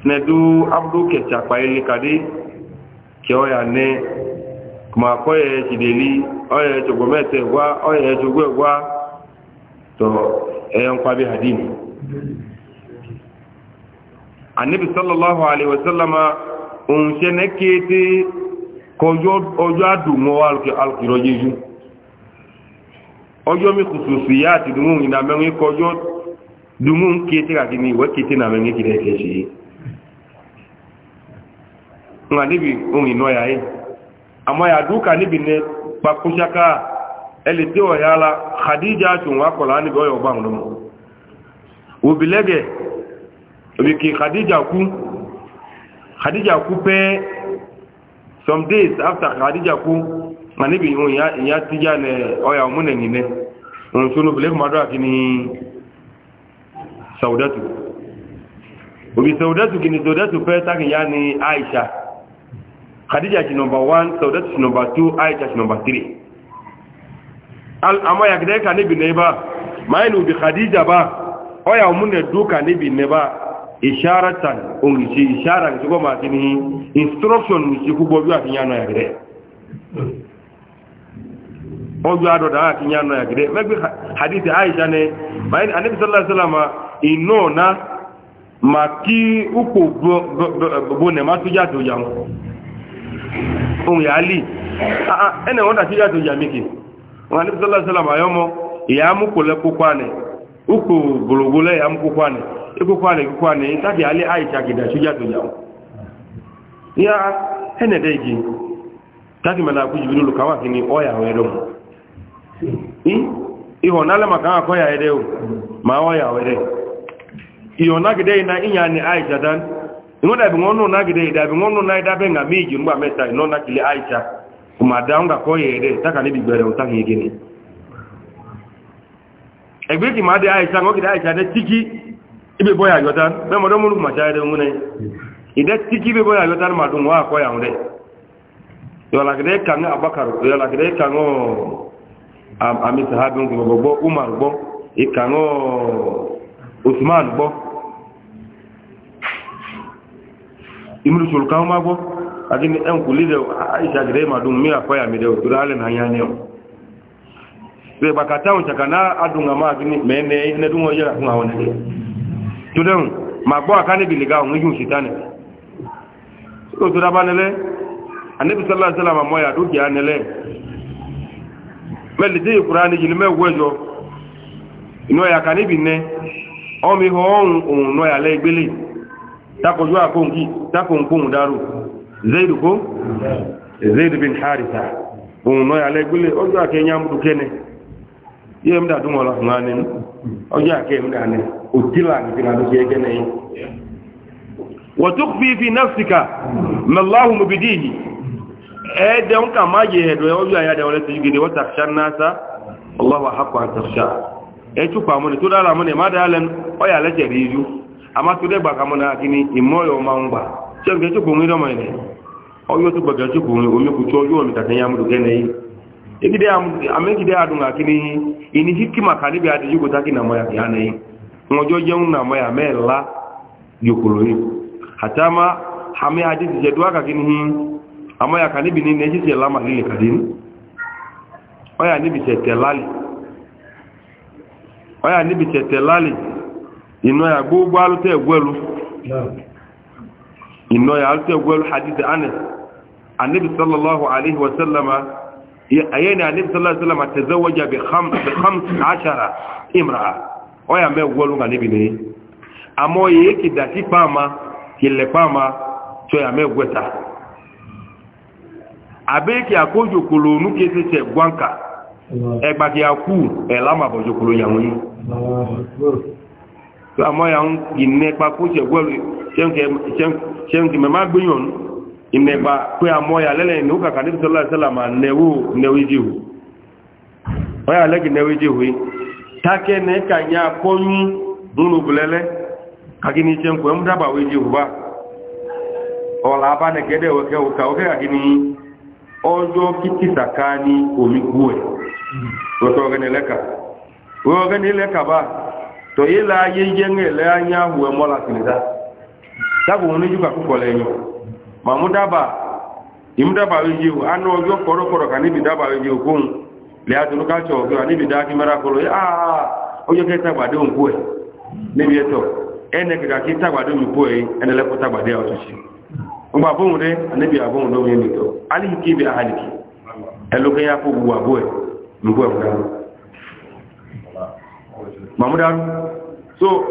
nedu abdu ke chakpaili kadi ke oya ne kuma koye chideli oye chogomete gwa oye chogwe gwa to eyon kwabi hadini annabi sallallahu alaihi wasallama un shene kete kọjọ́ àdùnmọ́ alùkìrọ̀ yéjú ọjọ́ mi kùsùsù yá àti dùnmù ìnà mẹ́rin kọjọ́ dùnmù kéte àti ní ìwẹ́ kéte nà mẹ́rin kìí ẹ̀kẹ́ ṣe níbi ohun ìná ya yìí àmọ́ ya níbi ní pakúṣáká ẹlẹ́ tí ó yá la khadija wá kọ̀lá níbi ọyọ̀ òbí khadija kú khadija kú some days after khadija ku anibi on ya ya tija ne oya omune ni ne on sunu bile kuma do akini saudatu obi saudatu kini saudatu pe ta ya ni aisha khadija ki number 1 saudatu ki number 2 aisha ki number 3 al amma ya gida ka ne bi ne ba mai nu bi khadija ba oya omune duka ne bi ne ba isharatan ongi si ishara ngi ko mati ni instruction ngi si kubo bi ati nyano ya gre ojo ado da ati nyano ya gre megbe hadithi aisha ne bayin anabi sallallahu alaihi wasallam inona maki uko bone matu ja to jam on ya ali a a ene wonda ti ikukwa ne ikukwa ne tabi ali aisha gida shuja to jawo hene de gi tabi mala ku kini oya we do i iho nala maka ko ya ede o ma oya we de iyo dan ngo na gide da na da be miji ngba meta no kile aisha kuma da nga taka ni bi gbere o taka yegini egbe ki ma de tiki ibe boya yotan be mo do mu ma jaye de ngune ide tiki be boya yotan ma dun wa ko ya ngune yo la gre kan abakar yo la gre kan o ami sahabi ngi bo bo umar bo e kan imru sul kan ma bo akini en kulide mi akoya mi de o turale na yanye o be bakata mene ne dungo yela kunga tudun ma gbọ́ àká níbi lè ga òun yóò ṣìtá nẹ̀ tó tó dábá nílẹ̀ anábi sọ́lá sọ́lá màmọ́ ya dúkìá nílẹ̀ mẹ́lì tí ìkúra ní jìlí mẹ́wọ́ ẹjọ́ inú ọ̀yà ká níbi nẹ́ ọmọ ihò ọ̀hún òun náà yàlẹ́ ìgbélé takojú àkóǹkì takoǹkóhun dárò zaid kó zaid bin harisa òun náà yàlẹ́ ìgbélé ọjọ́ àkẹyàn mú dúkẹ́ nẹ́ yíyẹ múdà dùn ọ̀la fún ánì ọjọ́ àkẹ́ múdà ní òtílà nìkan ló ṣe ẹgẹ́ nẹ́yìn wọ́n tó fi fi nafsika mẹ́láhùn mú bìdí yìí ẹ̀ẹ́dẹ̀ ń kà máa yẹ ẹ̀dọ̀ ọjọ́ àyàdẹ̀ wọlé ti gidi wọ́n tàṣà náà sá ọlọ́wà hapọ̀ àtàṣà ẹ̀ túpọ̀ àmúni tó dára múni má dára lẹ́nu igide adu adunga kini ini hikima kanibi adi yugo taki na moya yana yi ngojo jeun na moya mela yukulu yi hatama hame adi je duaka kini hi amoya kanibi ni neji se lama lile kadin oya nibi se telali oya nibi se telali ino ya gbogbo alute egwelu ino ya alute egwelu hadith anas annabi sallallahu alaihi wa sallama ayene anabi sallallahu alaihi wasallam tazawaja bi khams bi khams ashara imra'a oya me wolu nga nibi ni amo yeki dati pama kile pama cho ya me gweta abeki akojo kolonu kese che gwanka egba ki aku elama bojo kolo yawon yi to amo ya un ginne pa ku che gwelu chenke chenke me ma gbeyon imeba kwe amoya lele ni uka kanisa sallallahu alaihi wasallam newu newijihu oya legi newijihu take ne kanya konyu munu bulele kagini chen kwe mdaba wijihu ba ola ba ne gede weke uka oke kagini ojo kiti sakani ba to ila yeyenge le anya mamu daba imu daba weje o anu ojo koro koro ka nibi daba weje o kun le adunu ka cho ojo nibi da ki mara koro ya ah, ah, ah ojo ke ta gbade on ku e nibi eto ene ke ka ki ta gbade mi ku e ene le ko ta gbade o tusi o ba bohun de nibi abohun do to ali ki bi ahaliki elo ke ya ko bu abo e mi ku e mu da mamu da so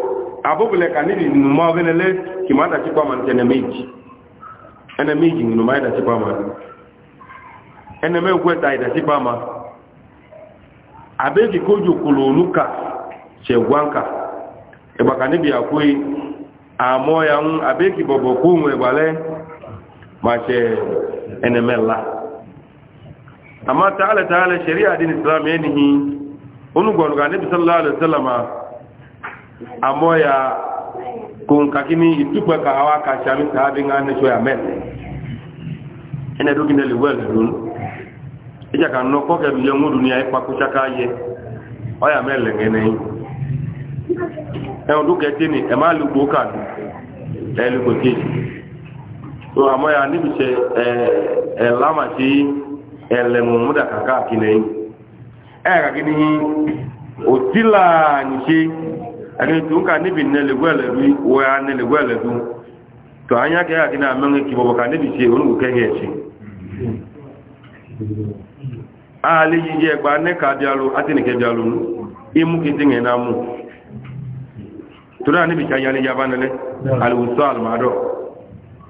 abobule ka nibi mu ma o bene le ki ma ene meji ngino ma ida sipa ma ene me gweta ida sipa ma abeki kojo kulunuka chegwanka ebaka nibi akui amoya un abeki bobo kunwe bale ma che ene mela amma ta'ala ta'ala sharia din islam yenihi onu gwanuga nabi sallallahu alaihi wasallama amoya kun kakini itukpe ka awa ka sami ka abi nga ne soya mɛ ene do kinde liwe lulu ija ka no ko ke biye mu dunia ipa kucha ka ye oya mɛ le ngene yi e o duke tini e ma lu bo ka du e lu ko so amo ni bi e lama ti e le mu mu da kine yi e ka otila nyi ake tun ka nibi nele gwele ri wo ya nele gwele du to anya ke akina amenge ki bobo ka nibi se onu ke he se a le yi je gba ne ka bialu ati ne ke bialu nu imu ki tinge na mu to na nibi chanya le yaba nele al wusal mado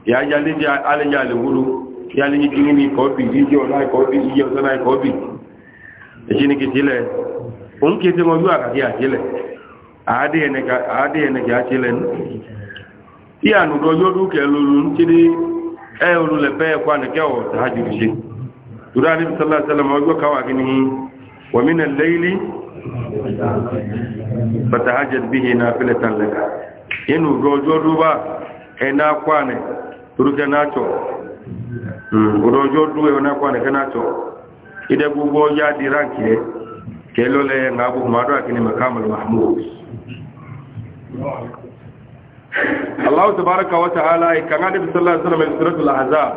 ya ya le ja ale ja le wulu ya le yi kingi ni ko bi ri jo na ko bi yi jo na ko bi e ki tile on ki tingo yu aka ki a tile àádẹ́ẹ̀nẹ̀kì àṣẹlẹ̀nù tí ànùdọ̀ yóò dúkẹ̀ lórí tí ní ẹ̀rù lẹ̀fẹ́ ẹ̀kọ́ ànìkẹ́wọ̀ tàájú ṣe tùrá ní sallásallama ọjọ́ káwà gini wàmínà lẹ́ilí bàtàájẹ̀ bí i náà fílẹ̀ tànlẹ̀ká inú ọjọ́ dúbà ẹ̀nà kwánẹ̀ turukẹ́ náà tọ̀ hmm, ọjọ́ Allah tabaraka wa ta'ala ya kan hadisi sallallahu alaihi wasallam min suratul ahzab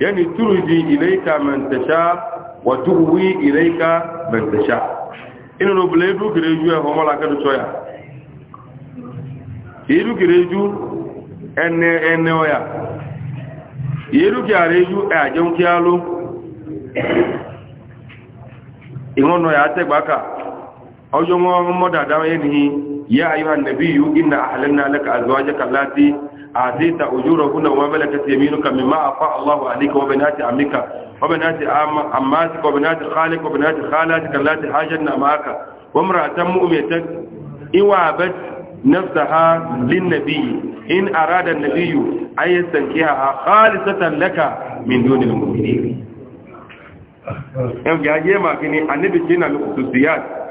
yani turji ilayka man tasha wa tuwi ilayka man tasha inu no bledu kireju e ho mala kadu choya iru kireju ene ene oya iru kiareju e ajeun kialo iwono ya tegbaka ojo mo mo dada yen يا أيها النبي إنا أحللنا لك أزواجك التي آتيت أجورهن وما ملكت يمينك مما أفاء الله عليك وبنات عمك وبنات عماتك وبنات خالك وبنات خالاتك التي حاجتنا معك وامرأة مؤمنة إن وهبت نفسها للنبي إن أراد النبي أن يستنكحها خالصة لك من دون المؤمنين. يا جماعة النبي كنا من خصوصيات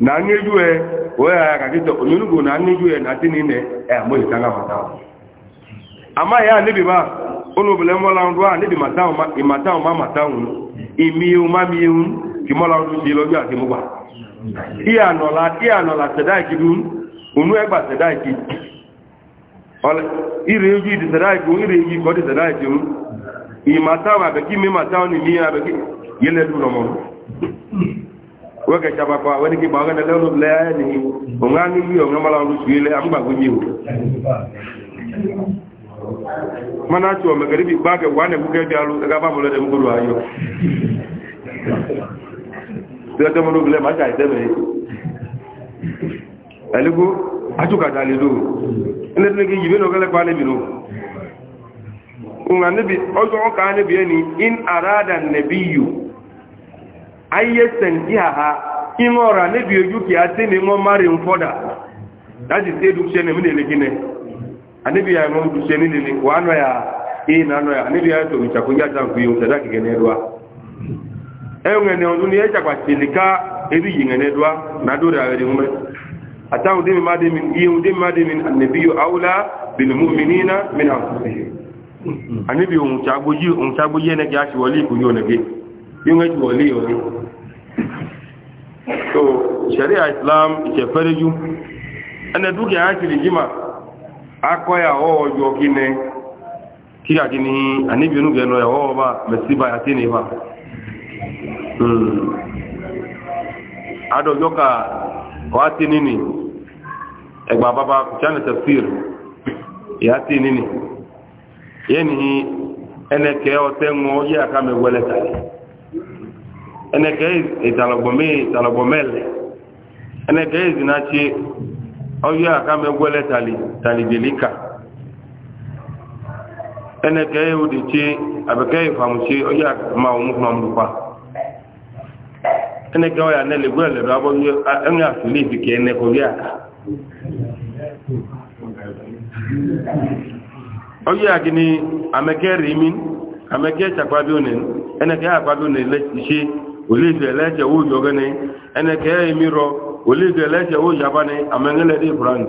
na nyeju e oya ya kakito onyunugo na nyeju e na tini ne e mo itanga mata ama ya nibi ba onu bele mo la ndo nibi mata ma imata ma mata e un imi o ma mi e un ki mo la ndo ji lo ya ki mo gba iya no la iya no la seda ki dun onu e gba seda ki ole ire ju di seda ki ire ji ko di seda ki un imata wa be ki mi mata oni mi ya be ki yele du lo mo wẹ́kẹ̀ ṣàpapọ̀ àwọn ẹnikí bá ọgọ́dẹ̀ lẹ́nu lẹ́yà ní òun á ní yíò ọmọ ọmọ oṣù ilẹ̀ amúgbàgbó yíò mọ́nà tí ọmọ gẹ̀rẹ́bì bá kẹ wà nẹ̀kúkẹ́ bí alú ẹgbà bá mọ́lẹ́dẹ̀ mú gbọ́dọ̀ ayọ́ ọjọ́ ọkà bi ẹni in àrádà nẹ̀bí ayé sẹ̀ǹtí àhá inú ọ̀rà níbi ojú kìí àti ní wọ́n má rí ń fọ́dà láti tí èdùkṣẹ́ ní mílẹ̀ lẹ́gínẹ̀ àníbi àìmọ́ ìdùkṣẹ́ nílẹ̀ ní wà ánà yà èyí nà ánà yà àníbi àìtò ìṣàkójá jàǹkú yóò tẹ̀dá kìkẹ́ ní ẹ̀dùá ẹ̀yùn ẹ̀nẹ̀ ọdún ní ẹ̀jàpá tìlíká ebi yìí ní ẹ̀dùá nàdúrà rẹ̀ mẹ́ yíwọ́n ju wọlé òní so islam ìṣẹ̀fẹ́rẹ́jú ẹnẹ dúkìá ákìlì jimá akọ́yà ọwọ́ ọjọ́ kí ní kíkà hmm. kí ní àníbìnú gẹ̀ẹ́nà ẹ̀họ́ ọba mẹ́síbà àti nìbà adọ́jọ́ ka ọ̀ àti nínì ẹgbà bàbá kùchánà tafsir ìyá àti nínì yẹ́nì ẹnẹ kẹ́ ọ̀tẹ́ ń yẹ́ àkàmẹ́wẹ́lẹ́ eneke italogome e italogomele eneke izinachi oyo akamegwele tali taligelika eneke udichi abeke ifamuchi oyo maumukmamdupa eneke oya nelegwele do aboyo enwe afilifi ke eneke oyo aka oyo akini ameke rimin ameke chakwabi onen eneke akwabi onen lechi olíìdì ẹlẹ́jẹ̀ owó ìjọgẹ́ ni ẹnẹkẹ́ èmi rọ olíìdì ẹlẹ́jẹ̀ owó ìjàbá ni àmẹ́ngẹ́lẹ́dẹ́ ìfúran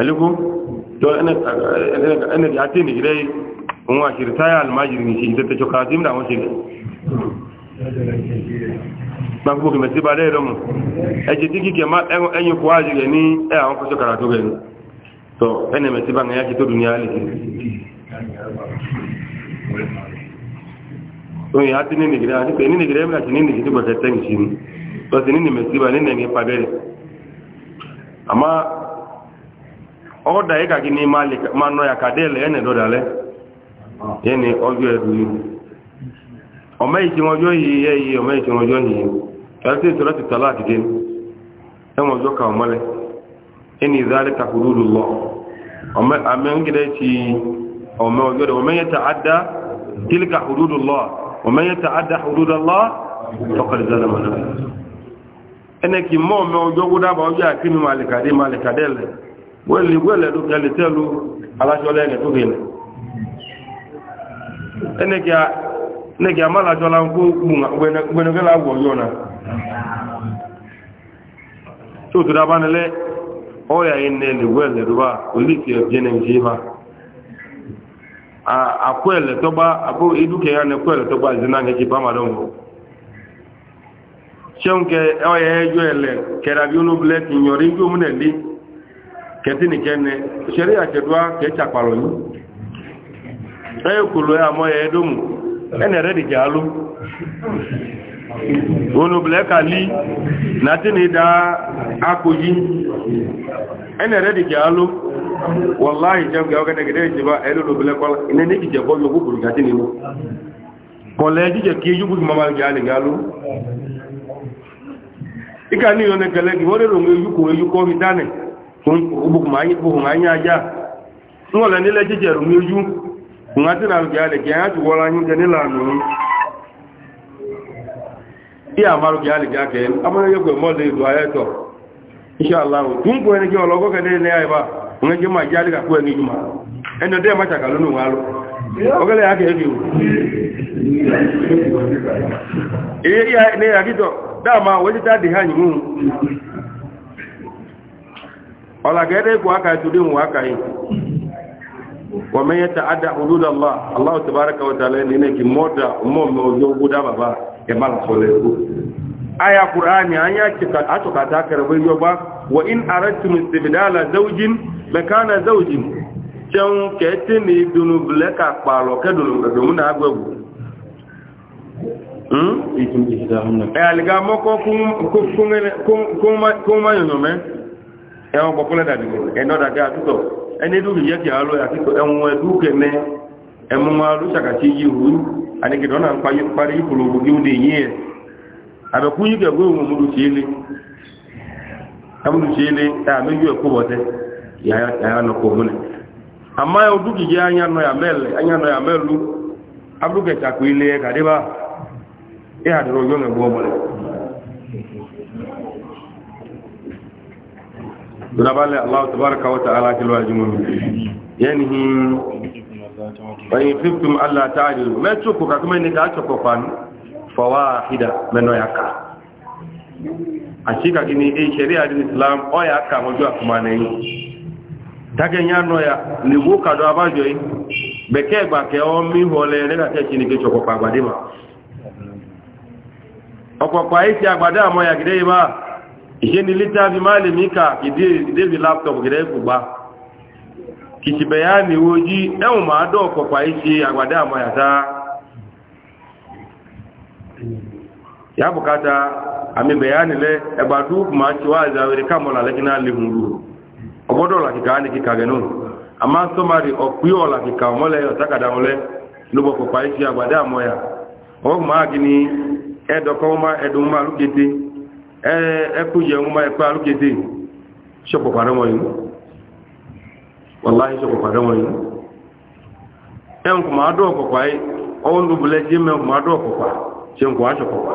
ẹ̀lẹ́kú ati ẹnẹkẹ́ àti nìgírẹ́ ohun àṣírí táyà alìmájìrì ní ṣe ìtẹ́tẹ́ ṣọkà àti ìmìnà àwọn ṣẹlẹ̀ gbogbo kìmẹ̀ sí balẹ̀ ìrọmù ẹjẹ̀ tí kíkẹ ẹyìn kò ájì rẹ̀ ní ẹ àwọn kọ́ṣọ́ kàrà tó rẹ̀ tọ ẹnẹ̀mẹ̀ sí oyin ati ni nigiri ati pe ni nigiri emi ati ni nigiri gbese tẹni si ni lọsi ni nimesi ba ni nẹni pabẹrẹ ama ọda yi kaki ni ma nọ ya kade lẹ ẹnẹ dọda lẹ yẹni ọjọ ẹdu yi ọmọ yi ti wọn ọjọ yi yẹ yi ọmọ yi ti wọn ọjọ yi kasi sọrọ ti tala ati deni ẹwọn ọjọ ka ọmọ lẹ ẹni izari kakuru lọ ọmọ amẹ ngidẹ ti ọmọ ọjọ dẹ ọmọ yẹ ta ada tilka hududu lọ. ومن يتعدى حدود الله فقد ظلم نفسه ene ki mo me ojo guda ba ojo akini malika de malika dele weli wele do kale telu ala jole ne ene ene jola to da le wele do ba a tọgba abụ iduke ya na ekwele tọgba zina ngeji pamadọ mbụ ṣeunke ọya ẹjọ ele bí olóbulẹ ti omi nẹ̀lí kẹtíni kẹne ṣeré àjẹdúwá kẹta pàlọ yìí ẹyẹ ẹnẹ rẹ dìjà kàlí ẹnẹ rẹ dìjà wallahi jamga yoga daga dai jiba elo do bele kola ina ne gije bo yogo buru gati ni mo kola gije ki yugo mama gali galu ika ni yo ne gele gi wore ro ngi yugo yugo mi dane kun ubu ma yi bu ma nya ja ngola ni le gije ro mi yu ngati na gali ki ha ju wala ni gani la nu iya maru gali ga ke amana yogo mo le do ayeto inshallah tun ko ne ki ologo ka ne ne ayi ba wọn jẹ́ máa jáde kàkú ẹni jùmọ̀ ẹni ọdẹ́ máa ṣàkà lónìí wọn lọ ọgọ́lẹ̀ yà kẹ́ẹ̀kẹ́ o èyí ní àkítọ̀ dáàmà wọ́n títà dì hàn yìí ọ̀làgẹ́dẹ́ ikú aka ìtòdé wọn aka yìí wọ́n mẹ́yẹ ta adá olúdà aláwọ̀ tàbárakà wọ́ta lẹ́ni ní kí mọ́ta mọ́ wa in aradtum istibdala zawjin makana zawjin chan kete ni dunu bleka na agwebu hmm e alga moko kum kum kum kum mayo me e o popula da ni e no da ga tuto ene du bi yake alo e won ne e mu ma saka ani dona pa yi pari bu go mu du amdu chele ta ah, me yu ko bote ya ya no ko mune amma yo duki je anya no ya mel anya no ya melu abdu ke ta ku ile ka de ba e ha do yo ne bo mune dunabale allah tabaaraka wa ta'ala kil wajimun yanhi wa in khiftum alla ta'dilu ma tukuka kuma ni ka ta ko fan fawahida meno yaka ashika gini e sheria din islam oya ka mojo akuma nei dage nyano ya ni buka do abajo yi beke gba ke o mi hole ne ka techi ni kecho kwa gbadima ọ̀pọ̀ pa isi agbada amo ya gide lita bi mali mika ide ide bi laptop gide ku gba kiti bayani woji ehun ma do ọ̀pọ̀ pa isi agbada amo ya Ami bẹ̀yàní le ẹgbàdú ma ti wá ìzàwẹ̀rẹ̀ kàmọ̀lá lẹ́gínà lèhùn lò ọgbọ́dọ̀ làkìkà ní kíkà gẹ̀nù àmá sọmarì ọ̀pí ọ̀làkìkà ọmọlẹ̀ ọ̀tàkàdà ọmọlẹ̀ ló bọ̀ pọ̀pá iṣẹ́ àgbàdá àmọ́yà ọgbọ́n máa kí ni ẹ̀dọ̀kọ́ ọmọ ẹ̀dùn máa lókété ẹkúyẹ ọmọ ẹ̀pá lókété ṣọ̀pọ̀ pàdánwọ̀ yìí wàláhì ṣọ̀pọ̀ pàdánwọ̀ yìí ẹnkù máa dọ̀ ọ̀pọ̀pá yìí ọwọ́n lóbulẹ̀ jẹ́ mẹ́kù máa dọ̀ ọ̀pọ̀pá ṣe nkù á ṣọ̀pọ̀pá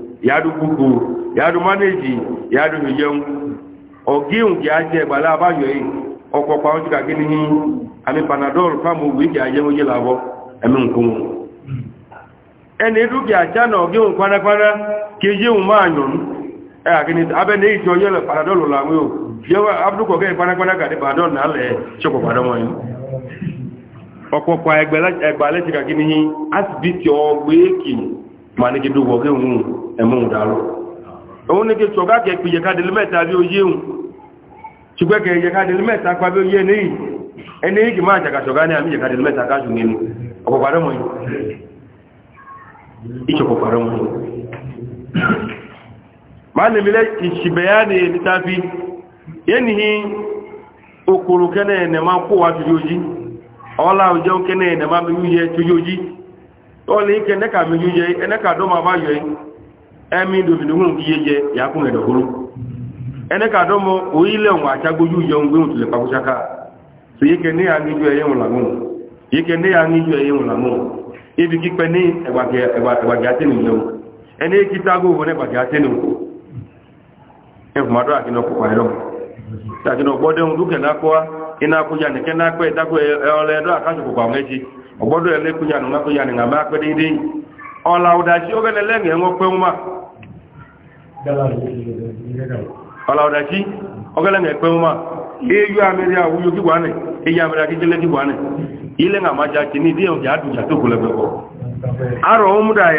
yàdù kúkú yàdù mánéjì yàdù ìjẹun ọ̀gíhùn kí a jẹ ìgbàlá àbáyọ̀ yìí ọkọ̀ pa oúnjẹ kàkí ní àmì panadol fáàmù òwú ìkì àjẹ́ oúnjẹ làbọ́ ẹ̀mí nǹkan ẹni dúkìá jánà ọ̀gíhùn pánápáná kí yíhùn máa yọ̀nù ẹ̀ abẹ́ni èyí tí ó yẹ́lẹ̀ panadol ma ní kí dúgbò kí òun ẹ̀mùn dáró òun ní kí ṣọ̀gá kẹ pì yẹkádìlì mẹ́ta bí ó yé òun ṣùgbẹ́kẹ yẹkádìlì mẹ́ta pa bí ó yé ní ẹni kì máa jàkà ṣọ̀gá ní àmì yẹkádìlì mẹ́ta káṣù nínú ọ̀pọ̀pàrẹ́ mọ̀ ìṣọ̀pọ̀pàrẹ́ mọ̀ ma ní mílẹ̀ ìṣìbẹ̀yà ní nítàfi yẹ́nìí okòrò kẹ́nẹ̀ẹ̀nẹ̀ máa kó wa tó yóò yí ọlá òjẹ́ kẹ́nẹ̀ẹ̀nẹ̀ máa bí wúyẹ tó yóò yí ọlẹ́ ike ẹnẹ́ka méjì yẹ ẹnẹ́ka dọ́mọ bá ya ẹmí dòmìnigun kí yé yẹ yàkùn ẹ̀dọ̀gbọ́n ẹnẹ́ka dọ́mọ orílẹ̀ ọ̀hún àṣàgbójú yẹun gbé òtún lè pàkúṣáká so yíkẹ ní àníjú ẹyẹ wọn làmú yíkẹ ní àníjú ẹyẹ wọn làmú ibi kípẹ ní ẹgbàgbé ogbodo ele a nu ngako ya ni ngama akpe dede ola udachi ogele lenge ngo pe uma ola udachi ogele nge pe uma eyu amiri awuyo ki gwane eya amiri akijele ki gwane ile ngama ja du to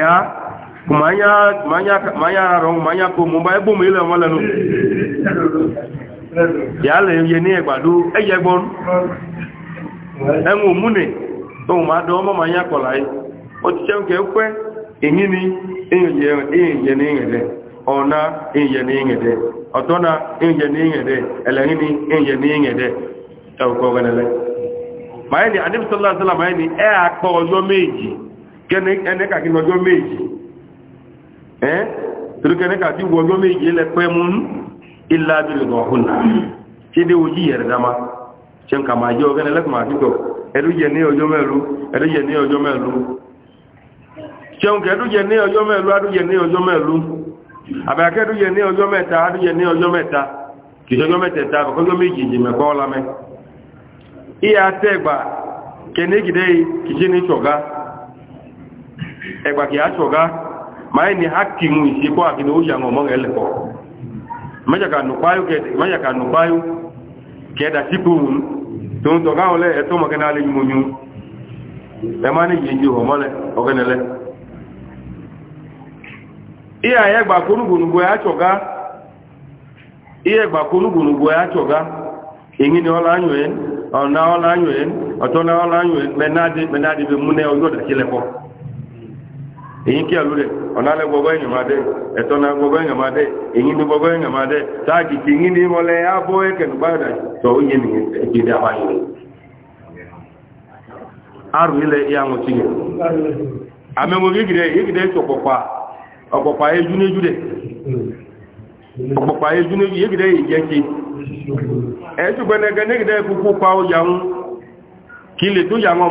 ya kumanya kumanya ko ohun ma dọ́ e ma yá kọ̀lá yìí ó ti ṣe ń kẹ́ pẹ́ èyí ni èyìnyẹ ní ìyẹ̀dẹ̀ ọ̀nà èyìnyẹ ní ìyẹ̀dẹ̀ ọ̀tọ́nà ní ni èyìnyẹ ní ìyẹ̀dẹ̀ ẹ̀kọ́ ọ̀gẹ̀lẹ̀ máa ní àdébìsọ́lá sọ́lá máa ní ẹ́ e àpọ̀ ọjọ́ méjì kẹ́nẹ́kàkí ọjọ́ ka ẹ̀lúyẹ ní ọjọ́ mẹ́lú ẹ̀lúyẹ ní ọjọ́ mẹ́lú ṣeun kẹ́lúyẹ ní ọjọ́ mẹ́lú adúyẹ ní ọjọ́ mẹ́lú àbẹ̀kẹ́lúyẹ ní ọjọ́ mẹ́ta adúyẹ ní ọjọ́ mẹ́ta kìjọjọ́ mẹ́tẹ̀ẹ̀ta àbẹ̀kọ́jọ́ méjì jìmẹ̀kọ́ ọlámẹ́ ìyá tẹ́gbà kẹ́nẹ́gìdẹ́ kìí ní ṣọ̀gá ẹgbà kìí aṣọ̀gá máa ní hákìmù ìṣẹ́kọ́ àkínú òyà ọmọ ẹlẹ́kọ́ mẹ́jàkà nùpáyó kẹ́ẹ̀dà sípò tó ń tọ̀ káwọn lẹ́ ẹ̀tọ́ mọ̀kẹ́ náà lè yí mo yún ẹ má ní yìí ju ọmọlẹ ọ̀gẹ́nẹlẹ a àyẹ́gbà konúgbònúgbò ẹ̀ àtsọ̀gá iye ẹ̀gbà konúgbònúgbò ẹ̀ àtsọ̀gá èyí ni ọlá anyọ̀ ẹ̀ ọ̀nà ọlá anyọ̀ ẹ̀ èyí kí àlú rẹ̀ ọ̀nàlẹ̀ gbogbo èyàn máa ẹ̀tọ́nà gbogbo èyàn máa èyí ní gbogbo èyàn máa dẹ́ táàkì kì í ní ìmọ̀lẹ̀ ààbò ẹ̀kẹ̀nù oúnjẹ nìyẹn ẹ̀kẹ̀dẹ̀ àbáyé rẹ̀ ilẹ̀ ìyàwó ti yẹn àmẹ́mọ̀ gígìdẹ̀ gígìdẹ̀ tó ọ̀pọ̀pá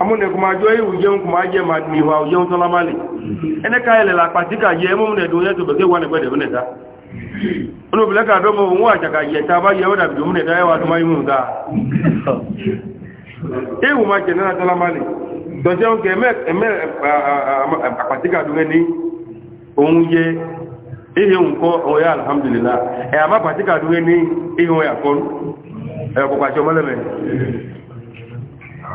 amúnẹ̀ kò máa jọ ìwò jẹun kò máa jẹ máa di ìwà òjẹun tán lámàlì ẹnẹ́ka ilẹ̀ làpàtíkà jẹ mọ́múnẹ̀ tó yẹ́ tó bẹ̀kẹ́ wà nẹ̀gbẹ̀dẹ̀ mẹ́ta olóbìnlẹ́kà àdọ́mọ̀ òun àjàkà yẹ tá bá yẹ ọ́dàbìdì mọ́múnẹ̀ dáyẹ́wà tó máa yíwọ̀n dáa ìwò máa jẹ náà tán lámàlì tọ́jẹun kẹ ẹ̀mẹ́ àpàtíkà dúrẹ́ ní òun yẹ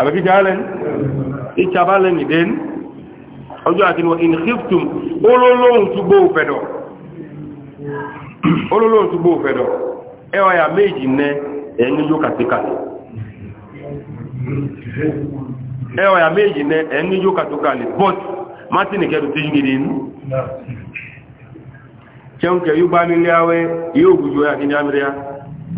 àbẹ̀kíjà alẹ́ni ìtsaba alẹ́ni dẹ́ni ọjọ́ àti wọ́n in hiftum olólóhùn túgbó òfẹ́dọ̀ olólóhùn túgbó òfẹ́dọ̀ ẹwà ya méjì nẹ ẹni yóò kàtíkàtí ẹwà ya méjì nẹ ẹni yóò kàtíkàtí but martin kẹrù tí yìí nínú ṣẹ́unkẹ̀ yóò bá nílé awẹ́ yóò gùjọ ya kí ní amíríyá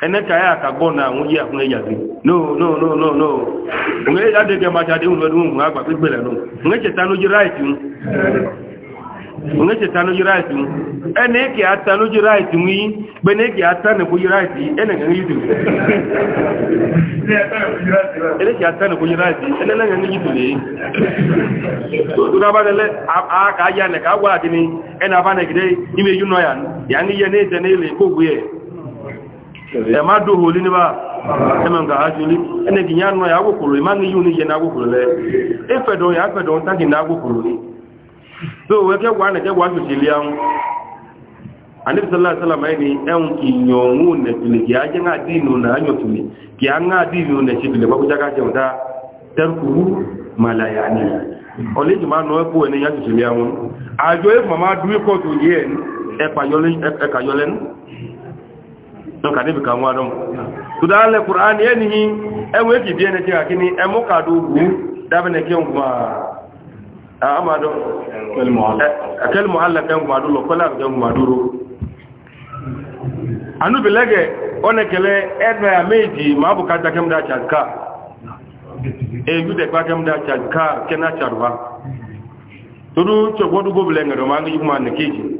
eneka ya ka na nwụ ji akwụnye ya gị noononono a dị agba na-eke ata na ekwoji raịtị ena-enye yi eneke ata na ekwoji raịtị na ka aba na-egide ime ju nọ ya ya ẹ má dòhò lé níbà ẹmọ̀ nǹkan aṣọ lé ẹnì kìí yánú ẹ̀ agbókòrò ẹ̀ má ní yíò ní yẹ ní agbókòrò lẹ ẹ fẹ̀dọ̀ ẹ̀ afẹ̀dọ̀ ń tákì ní ni tó wẹ́ kẹwàá nẹ̀ kẹwàá ṣòṣì lé ahun anibisala salama ẹni ẹun kì í yàn òun nẹ̀ tìlè kì á jẹ́ ńà dì nù nà áyàn tìlè don ka níbi kan wá dán tùdá alẹ́ kùrán ní ẹni yìí ẹwọ èkì bí ẹni a kí ní ẹmú kàdó gùn dábẹ́nẹ̀ kí ọkùnmá àmàdó akẹ́lùmọ̀ alẹ́kẹ́ ọkùnmádó lọ pẹ́lá àbẹ́kẹ́ ọkùnmádó ró anúbìlẹ́gẹ̀ ọ́nẹ̀kẹ́lẹ́ ka àmẹ́jì máa bù kájá kuma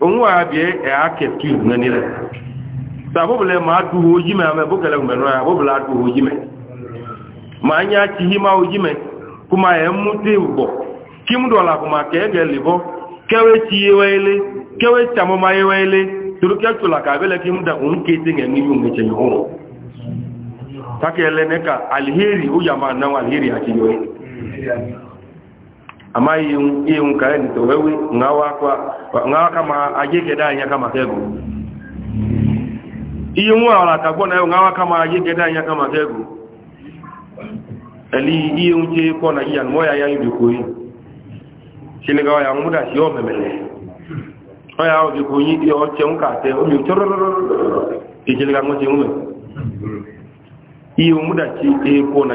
onwe a bie e ake excuse na nile ta ma a dụghị oji me ame bụkele mgbe ya bụbụla ma anyị achịghị ma oji me kuma ya e mmụta kim dọla bụ maka ege libo kewe chi yewele kewe chamụma ka abele kim da nke ite ga n'ihu ngeche ya ụmụ ka alihiri ụja ma na amaghị ewu ka ya nite wewe ngawa ngawa kama ajike anya kama tego iyo nwa ala na ngawa kama ajike anya kama tego Ali iyo nje ko na iya moya ya ndi koyi sini gawa ya muda si Ọ memele o di koyi iyo o che nka te o mi chororo ga muda e ko na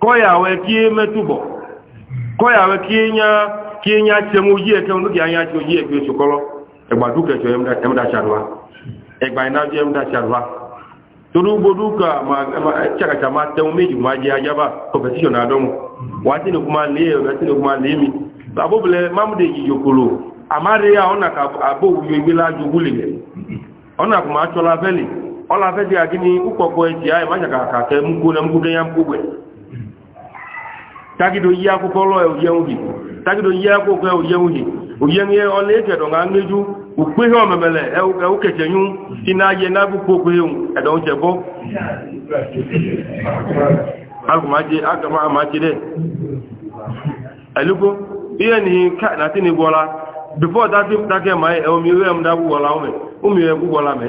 kɔyawe kie mɛtubɔ metụbọ kie nya kie nya tse ŋu yi eke ŋu kia nya tse yi eke sokɔlɔ egbadu kɛtɛ ɛmu da tsa nua egba yi nadu ɛmu da tsa nua toro gbodu ka ma ma tsakatsa ma tɛ ma na wa kuma lee wa ti ne kuma lee mi abo ama ya ɔna ka abo wuyo egbe la dzogu le ɔna kuma atsɔ la ma tagido yi akwụkwọ lọ oye nwuhi tagido yi akwụkwọ oye nwuhi oye nye ọla ekedo na nneju ukpe ihe omemele ukechenyu si na aye na abụkwu okwu ihe edo nchebo agụmachide elugo ihe ni ka na tinubu ọla bifo dake ma omi e, e ihe m dagwụgwọla ume ume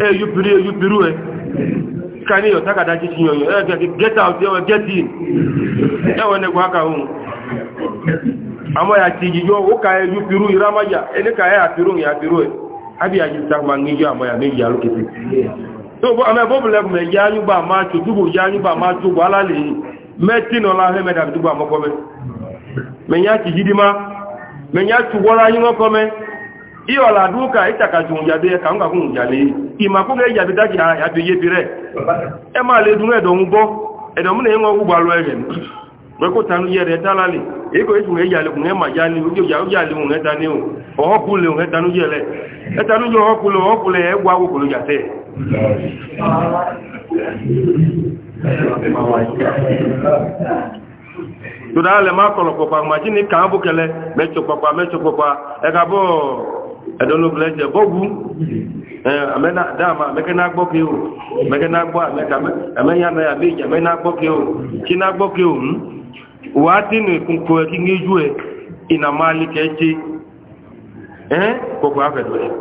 e yupiri e yupiru e eh? kani yo taka daji ti yoyo e eh, get out e get in e wone ko aka hun amo ya ti ji yo o ka piru yupiru iramaya ele ka ya piru ya piru e abi aji ta ma ngi yo amo ya mi ya lokiti to bo ame bo bele me ya yu ba ma tu dubu ya yu ba ma tu wala le metin ola he me da dubu amo ko me me ya ti ma me ya tu wala yu ko me ihe ọla dụka ịchakaju njabe ka m gakwu njale ị ma kwụga eji abịda gị ya bụ ihe bire emala eduru edomgbo edom na enwe ọgwụ gbalụ ehe wekụtanụ ihe retalali ko eji nwe eji alekwu nwe ma jali oge oge ali nwe ta ne ọhọpụle nwe tanụ ihe le etanụ ihe ọhọpụle ọhọpụle ya egwu agwụkwụrụ ya tee tụrụ alẹ ma kọlọkpọkpa ma ji na ka ha bụ kele mechọkpọkpa mechọkpọkpa ẹ e ga ẹ̀dọ́lóbìnrin jẹ bọ́ọ̀bù dáàmà mẹ́kẹ́nágbọ́kẹ́ o mẹ́kẹ́nágbọ́ àmẹ́yànáyà méjì àmẹ́nágbọ́kẹ́ o kí nágbọ́kẹ́ o ń hmm? wà á tí nù ìkùnkù ẹ kí ní jú ẹ ìnà máa lè kẹ́ẹ̀ẹ́ ẹ́ kọkù afẹ́dọ̀ ẹ̀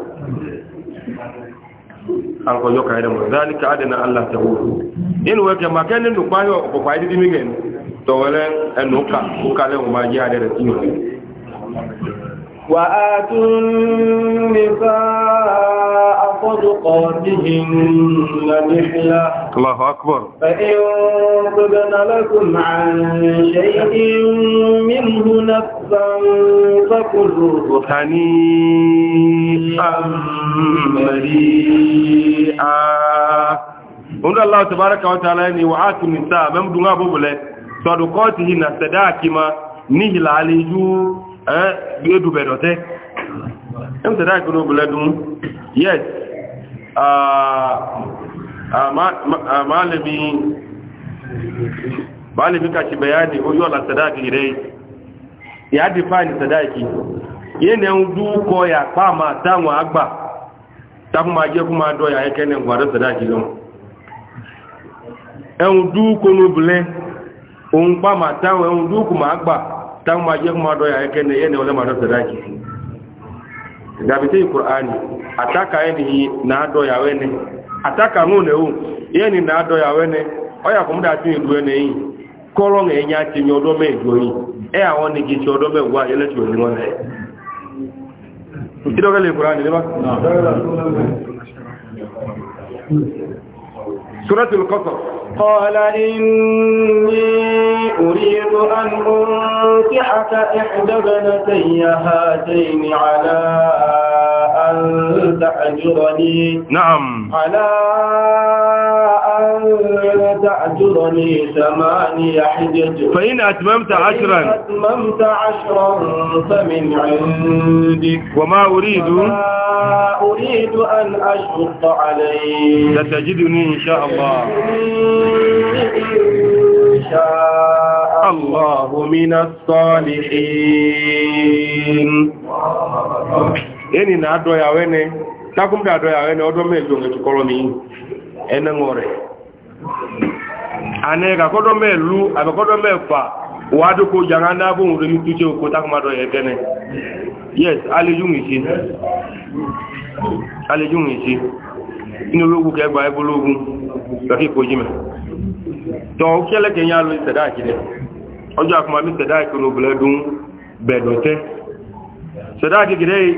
alkọjọ́ kàídà mọ̀ dáríkà adìnà aláàtẹ̀wò inú ẹkẹ̀ ma kẹ́ nínú páyọ̀ ọ̀pọ̀pọ̀ àìdídí mígẹ̀ tọ̀wẹ́lẹ́ ẹnu kà ó kalẹ̀ wọn máa jẹ́ adẹ́rẹ̀ tí yóò وآتوا النساء صدقاتهن نحلة الله أكبر فإن طبن لكم عن شيء منه نفسا فكلوه هنيئا مريئا Oúnjẹ́ Allah ti bára kàwọ́ tààlá ni wà á tún nìta mẹ́mdùn ee edube dote emtara akụrụ obula yes malami ah, ah, malami kashi bayani oyi ọla sadaki ire ya define sadaki ihe na ya ma tanwa agba ah, ta kuma je ngwado tan ma jeg ma do ya e ke ne yene wala ma do da ki da bi tei qur'ani ataka yene hi na do ya wene ataka mu ne u yene na do ya wene o ya ko mu da ti ndu ne yi kolo nge e nya ti nyo do me do yi e a woni ki ti odo be wa yele ti odi mo ne Tiro gale Qur'ani le ba? Suratul Qasas قال إني أريد أن أنكحك إحدى بنتي هاتين على أن تعجرني نعم على أن تعجرني ثماني حجج فإن أتممت عشرا فإن أتممت عشرا فمن عندك وما أريد وما أريد أن أشق عليك ستجدني إن شاء الله إن شاء الله من الصالحين eni na adọ ya wene takum da adọ ya wene odọ me lu nge chikolo mi ene ngore ane ga kodọ me lu abe kodọ me pa wadu ko janga na bu ngure mi tuche ko takum adọ ya kene yes ali jungi si ali jungi si ino lu ke gba e bulugun ta ki poji me to o kele ke nya lu sada ki de ojo akuma mi sada ki no bledun bedote sada ki gire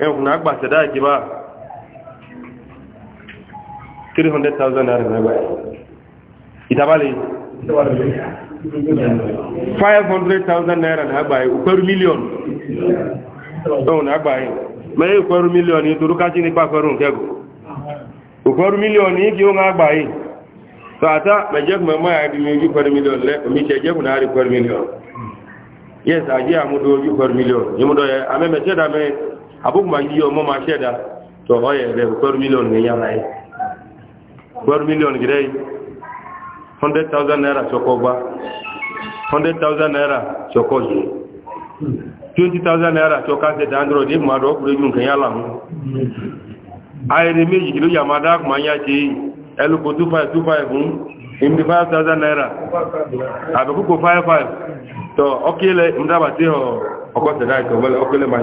ẹkùn àgbà sẹ̀dá ìkìbá 300,000 naira mẹ́gbà ìtàbálẹ̀ 500,000 naira ní àgbà ìpẹ̀rù mílíọ̀nù ẹkùn àgbà yìí mẹ́yìn ìpẹ̀rù mílíọ̀nù yìí torúká sí nípa pẹ̀rù kẹgù ìpẹ̀rù mílíọ̀nù yìí kí ó ń àgbà yìí tọ́ta mẹ́jẹ́kùn mẹ́mọ́ àìdìmí ojú pẹ̀rù mílíọ̀nù lẹ́ omi ṣẹ̀jẹ́kùn náà rí pẹ̀rù mílíọ̀nù yes àjẹ́ àmúdó ojú pẹ̀rù mílíọ̀nù yìí mú abúkù máa yí ọmọ máa ma tọ̀ ọyẹ̀ rẹ̀ pẹ̀lú mílíọ̀nù ní yàrá yìí pẹ̀lú mílíọ̀nù gẹ́rẹ́ yìí 100,000 naira ṣọkọ̀ gbá 100,000 naira ṣọkọ̀ ji 20,000 naira ṣọkọ̀ ṣẹ̀dá android ní ìmọ̀ ọkùnrin yìí nǹkan yálà mú ayẹrẹ méjì kìló yàmá dáàkù máa yá ṣe ẹlùkù 2525 fún 5,000 naira àbẹ̀kùkù 55 tọ̀ ọkẹ́lẹ̀ mdábàtí ọkọ̀ ṣẹ̀dá ìkọ̀wẹ́lẹ̀ ọkẹ́lẹ̀ máa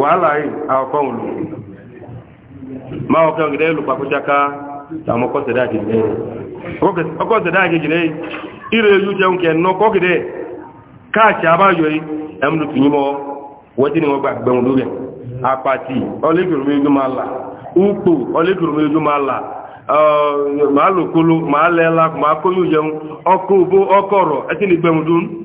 wàhálà yìí àkọ́kọ́ òun lò máa ọkẹ́ ògidẹ́ ìlú pàkúṣaká àwọn ọkọ̀ sẹ̀dá àjèjì lẹ́yìn ọkọ̀ sẹ̀dá àjèjì lẹ́yìn ìrẹ̀ ìlú jẹun kẹ́ ná kọ́kìdẹ́ káàkiri àbáyọ yìí ẹ̀mùdù tìyí mọ́ wọ́n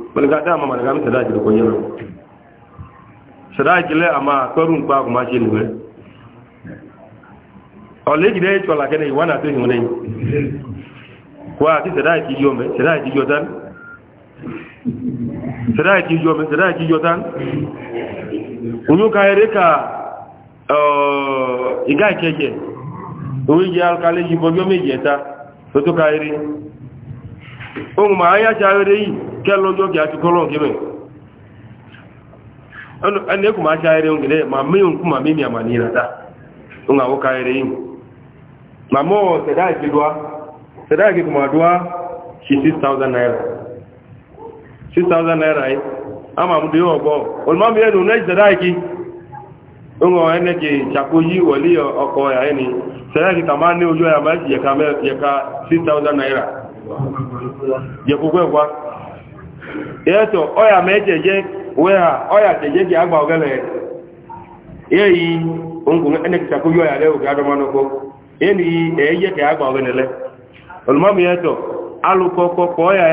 malika dama malika eh, mi sadaki da kwanyar sadaki le ama karun ba kuma ce ne ọlẹ́ jìdẹ́ ètò àlàkẹ́lẹ̀ ìwánà tó ìwọ̀n lẹ́yìn wà tí sadaki yọ mẹ́ sadaki yọ tán sadaki yọ mẹ́ sadaki yọ tán oyúnka eré ka ìgá ìkẹ́kẹ́ orí jẹ́ alkalẹ́ yìí bọ́jọ́ méjì ẹ̀ta tó tó ka eré ohun ma anya ti ayere yi kẹlọ ọjọ́ kí a ti kọ́lọ̀ kí mẹ́ ẹni ẹkùn ma ti ayere ohun gẹ̀dẹ̀ ma mí ohun kú ma mí mi àmà ní ìràdá ohun àwọn kayere yìí ma mọ́ sẹ̀dá ìgbẹ̀dọ́wá sẹ̀dá ìgbẹ̀kùnmọ̀dọ́wá ṣe 6,000 naira 6,000 naira yìí a ma mú dé ọgbọ́ olùmọ́mí ẹnu ní sẹ̀dá ìkí ohun ọ̀hún ẹni kì í ṣàkó yí wọlé ọkọ̀ ẹ̀yà ẹni sẹ̀dá ìkí tàmá ní ojú ẹ̀yà 6,000 naira yẹ̀kùkú ẹ̀kwá ẹ̀ẹ́tọ̀ ọyà mẹ́jẹ̀jẹ́ wẹ́hà ọyà tẹ̀jẹ́ kí agbà ọgẹ́lẹ̀ èyí oúnkùn ẹnẹ́kìtàkú yọ́yà lẹ́ òkè adọ́mánukọ́ èyí ẹ̀ẹ́yẹ́ kí agbà ọgẹ́lẹ̀ olùmọ́mí ẹ̀ẹ́tọ̀ alùkọ́kọ́ pọ̀ọ́yà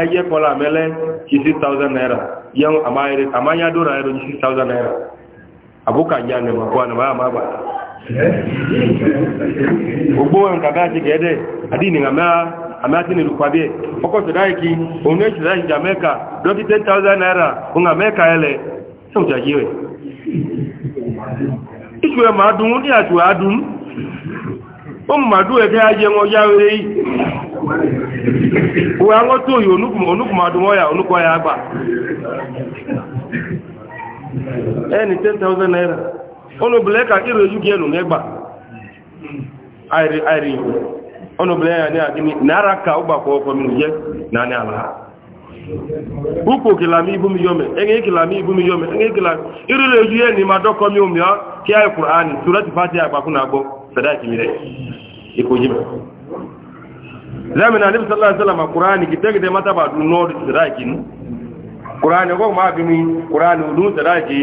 àdínìyàn mẹ́ra ameatini rukwabie okosodaiki onechidaki jamaica doki 10000 naira unga meka ele sojajiwe ichwe madun ni achwe adun omumadu eke aje ngo yawere yi uwe ya agba ẹni eh, 10,000 naira ọnụ bụla ya na adịmi nara ka ụgbakwa ọkọ mmiri je na anị ala ha ukwu kelami ibu mi yome enge kelami ibu mi yome enge kelami irire ju ye ni ma doko mi omi o ki ayi qur'ani surati fatiha ba kuna gbo sada ki mi re iko jibe zamina nabi sallallahu alaihi wasallam qur'ani ki tege de mata ba du no di sada ki ni qur'ani go ma bi mi qur'ani du sada ki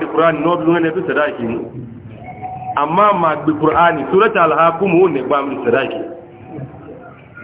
di qur'ani no du ne du sada ki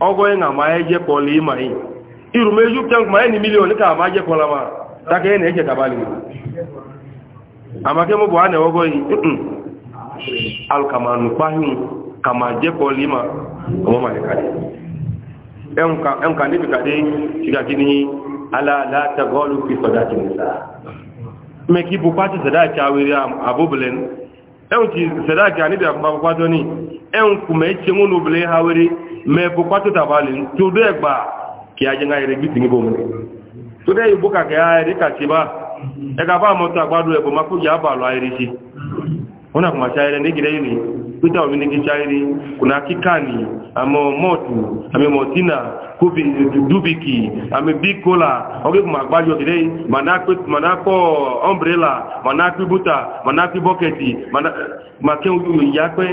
ọgọ ị na-ama eje kpọla ịma ị irume ju pịa nkụma enyi milion ka ama je kpọla ma daka ị na-eche kabali amake mụ bụ a na-ewego yi alụkama nukpahi kama je kpọla ịma ọmụma ya kadị ka níbi kadị ṣigaki ni alaala tagọọlù fi sọdá ti nìta mẹkì bụ pàtí sẹdá ìkà wíri abúbulẹ ẹnwụ ti sẹdá ìkà níbi àbúbá pàtó ni ẹnwụ kùmẹ ìchẹ nwụ n'obìnrin ha wíri mẹ́ẹ̀kọ́ pátó tàbálì tó dẹ́ gbà kí ajẹ́ngá ẹ̀rẹ́ gbí tìǹbò mú tó dẹ́ ìbò kàkẹ́ ẹ̀rẹ́ kàṣẹ bá ẹka bá mọ́tò àgbàdo ẹ̀bọ̀ máa kó yàbà lọ ayẹrẹ ṣe wọ́n náà kò máa ṣayẹrẹ nígidẹ́ ìrì pété àwọn oníke ṣayẹrẹ kò náà kíkà ní àmọ́ mọ́ọ̀tù àmì mọ̀tínà kófì dúbìkì àmì big cola ọgbẹ́ kò máa gbájọ kìdẹ́ màná kọ́ umbrella màná pí búta màná pí bọ́kẹ̀tì màá kẹ́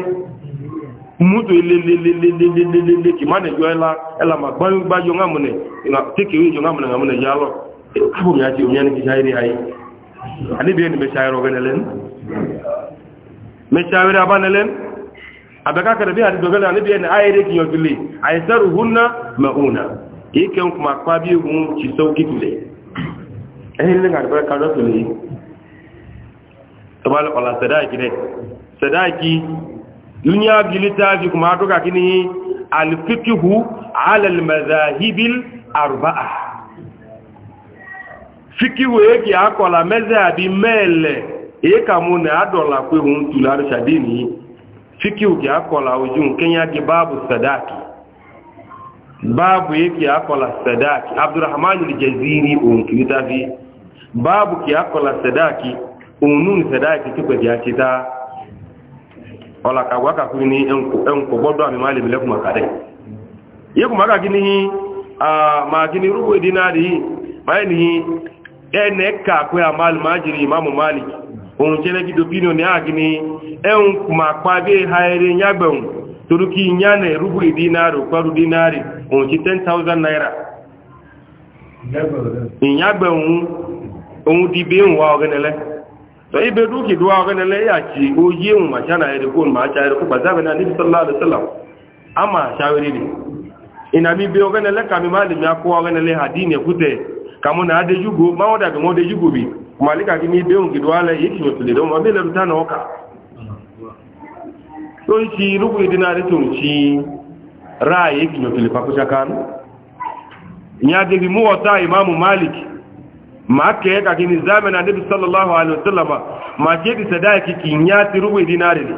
mutu ilelelelelelele kì má nà yọ ẹla ẹla mà gbá yọ ńgá múnẹ kékeré yọ ńgá múnẹ ńgá múnẹ yálọ kábò mi àti òmìnira ti ṣáyé ayé àníbi ẹni mẹṣẹ ayọrọ gẹnẹ lẹnu mẹṣẹ ayọrọ abánẹ lẹnu abẹ́ká kẹrẹ bí àdìdọ̀ gẹnẹ àníbi ẹni ayẹyẹ kì yọ dìlé àyẹsẹrù húnna mẹhúnna kìí kẹ nkùn àpá bí egun ti sọ kìtìlẹ ẹni lẹ́nu àgbẹ̀rẹ̀ kájọ́ tòlè yìí tọ́ba duniya gili ta ji kuma duka kini alfikihu alal mazahibil arba'a fikihu yake akola mazabi mele eka mu na adola pe hun tular shadini fikihu ke akola ojun kenya ke babu sadaki babu yake akola sadaki abdurrahman al-jaziri on kitabi babu ke akola sadaki onun sadaki tuko ya cita ọ̀la kàgbà kàkúrú ní ẹnkù gbọ́dọ̀ àmì máa lè mílẹ̀ kùmà kàdẹ̀ yẹ kùmà kàkí ní máa kí ní rúgbò ìdí náà rí máa ní ẹnẹ kàkúrú àmàlì máa jìrì ìmáàmù máàlì ohun tí ẹnẹ́ gídò bínú ní àkí ẹnkù kùmà pa ha ìdí ohun to ibe duki duwa ga ne ya ci o yin ma tana yare ko ma ta yare ko ba zabe na nabi sallallahu alaihi wasallam amma shawiri ne ina mi be o ga ne la kami malimi ko ga ne le hadine kute kamu na ade jugo ma oda ga mo jugo bi malika ki mi be o gidwa la yiki mo tele ma be le rutana oka to ci rubu idina re to ci ra yiki mo tele pa shakan nya de mu wata imamu maliki ma ke ka kini zamana annabi sallallahu alaihi wasallam ma ke ki sadaki ki nya ti rubu dinari ne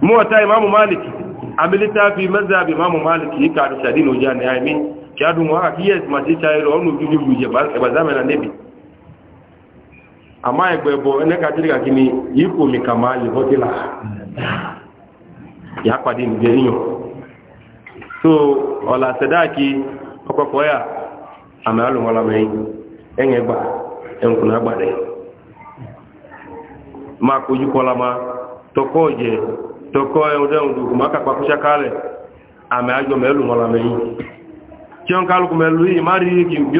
mu ta imamu maliki amilita fi mazhab imamu maliki ka da shadin ujana ya min ya dun wa ki yes ma ti tayro onu juju juje ba ba zamana annabi amma egbe bo ene ka tirika kini yiko mi kamali hotila ya padi ni jeriyo so ola sadaki ọkọ̀kọ̀ ya àmì alùwọ́lá mẹ́yìn ẹ̀yẹn gbà ẹ̀nkùnà gbàdẹ̀ máa kojú kọ́lá máa tọkọ́ ọ̀jẹ̀ tọkọ́ ẹ̀hùndẹ̀hùn dùkù máa kàpá kúṣà kálẹ̀ àmì ajọ yìí kí bí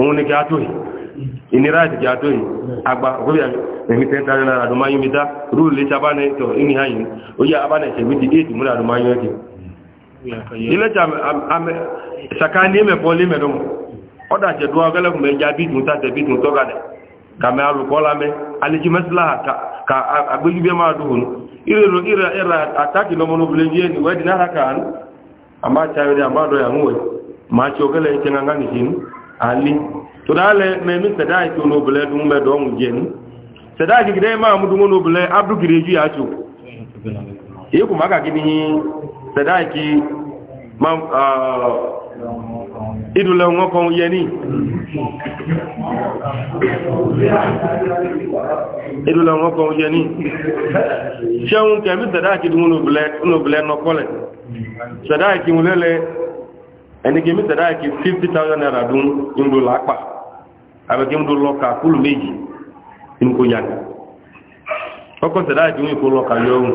òun ni kí á tó yìí ìnira tó yìí agba òkúbíà ẹ̀mí tẹ́ta náírà àdùmáyún mi dá rúùlù ó yá abánẹ̀ ti ilé tí saka ní ẹmẹ pọ́lé mẹ́rin mọ́ ọ́dà jẹ́ dúwà gẹ́lẹ́kùn mẹ́já bí dùn tàtẹ̀ bí dùn tọ́gà dẹ̀ kàmẹ́ alùkọ́lá mẹ́ alẹ́jìmẹ́sílá ka agbẹ́júgbẹ́ máa dùn ìrẹ̀ ẹ̀rà àtàkì lọ́mọ́nóbìnrin sẹ̀dá ìgbìdẹ́ máa mú dúnmọ́ ní obìnrin abdulkiri ju yàá tó èyí kò má kàkí ní sẹ̀dáìkì ìdúlẹ̀ wọn kan yẹ ní ìdúlẹ̀ wọn kan yẹ ní ṣẹ́hun kẹ̀mí sẹ̀dáìkì dún nùbìlẹ̀ nọkọlẹ̀ sẹ̀dáìkì wọn lẹ́lẹ̀ ẹnikẹ̀mí sẹ̀dáìkì 50,000 naira dún ìmúdó lápá àbẹ̀kẹ́ ìmúdó lọ́ka kúlù méjì inú kó yàgbẹ̀ ọkọ̀ sẹ̀dáìkì wọn ìkó lọ́ka yọ ohun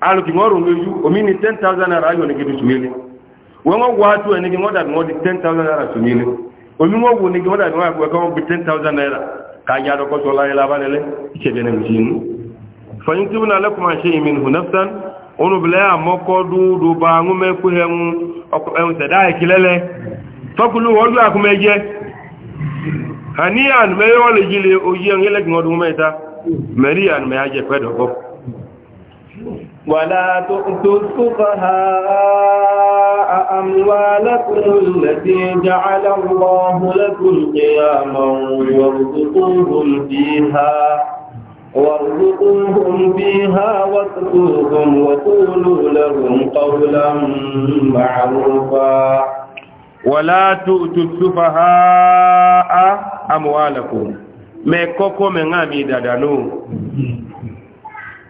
aluki ngoro ngeju omini 10000 naira ayo ne gedu sumile wengo watu ene ngi ngoda ngodi 10000 naira sumile omi ngo wo ne ngi ngoda ngwa ko 10000 naira ka ya do ko so la ila balele ichebe ne mjini fayintuna lakum an shay'in minhu nafsan onu bila amoko du du ba ngume ku hemu oko en eh, sada ikilele fakulu wodu akumeje hanian meyole jile oyi ngele ngodu meta marian meyaje pedo ko ولا تؤتوا السفهاء أموالكم التي جعل الله لكم قياما وارزقوهم فيها وارزقوهم فيها واكسوهم وقولوا لهم قولا معروفا ولا تؤتوا السفهاء أموالكم ما كوكو من غامي دادانو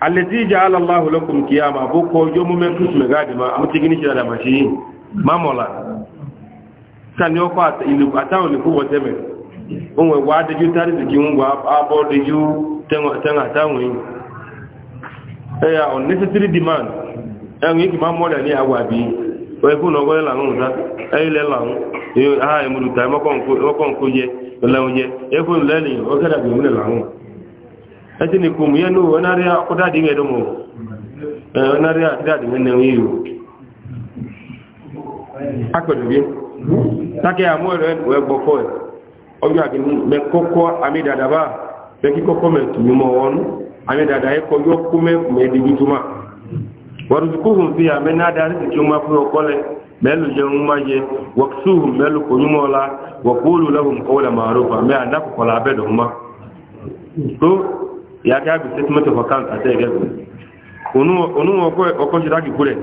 alẹ́tí ìjà aláàláhù lọ́kùn kí a máa bó kọ yóò mú mẹ́tún sí mẹ́gáàdì máa mú tíkí ní ṣe àdàmà ṣe yìí mámọ̀lá sani ọkọ̀ àtàwọn olùkúwọ̀ tẹ́mẹ̀ ohun ẹ̀wà adéjú tárìsì kí wọ́n wà ábọ́ adéjú tẹ́wọ̀n àtàwọn yìí ẹ̀yà unnecessary demand ẹ̀rùn yìí kì máa mọ́lẹ̀ ní àwọ̀ àbí ẹkùn ọgọ́rẹ́ ya ọ̀sá ẹ̀yìnlẹ̀ làwọn ẹ̀yìn àhà la ẹ̀mọ́kọ̀ ẹtí ni kò mú yẹn ló ọ̀nàrí àkúdàdì ń ẹ̀dọ́mù ọ̀nàrí àkúdàdì ń ẹ̀nà yìí o akọ̀dùbí tákẹ́ àmú ẹ̀rọ ẹgbọ́ fọ́ ẹ̀ ọjọ́ àgbẹ̀mí mẹ kọ́kọ́ àmì dàdà bá mẹ kí kọ́kọ́ mẹ tùmí mọ́ wọn àmì dàdà ẹ̀ kọ́ yọ kú mẹ mẹ dìbí túmá wàrùsùkúhùn fi àmì náà darí sí kí ó máa fún ọkọ́ mẹ́lù jẹun má yẹ wọ́kṣùhùn mẹ́lù kò yúmọ́ ọlá wọ́kúlù lẹ́hùn kọ́wọ́lẹ̀ màrúfà mẹ́ àdákùkọ́lá abẹ́dọ̀ ya ga bi statement of account ati egego onu ọkọ̀ ṣìdági kú rẹ̀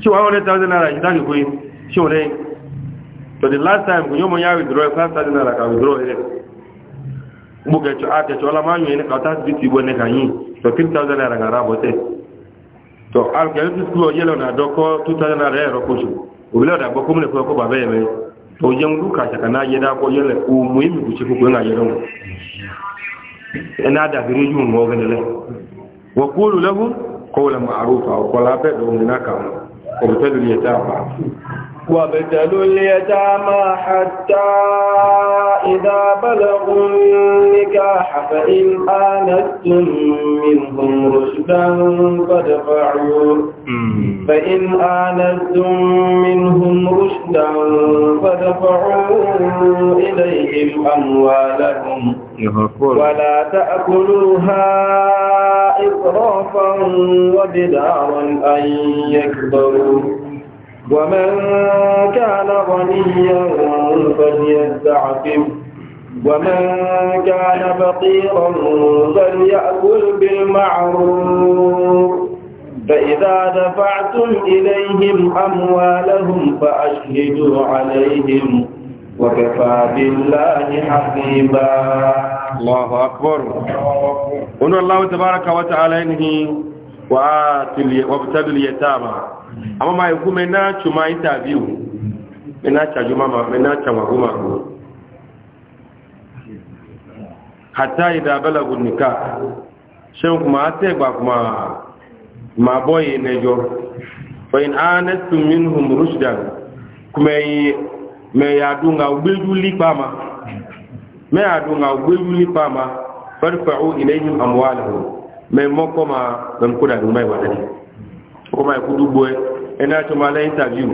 100,000 naira ṣìdági kú ṣí to the last time kùnyọ́ mọ̀ yá withdraw 5,000 naira ka withdraw rẹ̀ gbogbo kẹ̀ṣọ́ akẹ̀ṣọ́ ọlámáyọ̀ ẹni kàtà sí ti to 3,000 naira gara bọ́tẹ̀ to na dọ́kọ́ 2,000 naira ẹ̀rọ kóṣù òbílẹ̀ ọ̀dà gbọ́ kọ́mìnà fún to ena da biru jumu ngogene le wa qulu lahum qawlan ma'rufa wa qala ba'd ummina ka ko tadu yata وابتلوا اليتامى حتى إذا بلغوا النكاح فإن آنستم منهم رشدا فادفعوا فإن آنستم منهم رشدا فادفعوا إليهم أموالهم ولا تأكلوها إسرافا وبدارا أن يكبروا ومن كان غنيا فليستعفف ومن كان فقيرا فليأكل بالمعروف فإذا دفعتم إليهم أموالهم فأشهدوا عليهم وكفى بالله حبيبا الله أكبر أن الله تبارك وتعالى وابتل اليتامى ama ma iku me na chuma interview me na cha juma ma me na cha maguma hatta idha balagu nikah shen kuma ate ba kuma ma boye ne jo fa in anastum minhum rushdan kuma yi me ya dunga ubeju lipama me ya dunga ubeju lipama farfa'u ilayhim amwalahum me moko ma ban ina to mala interview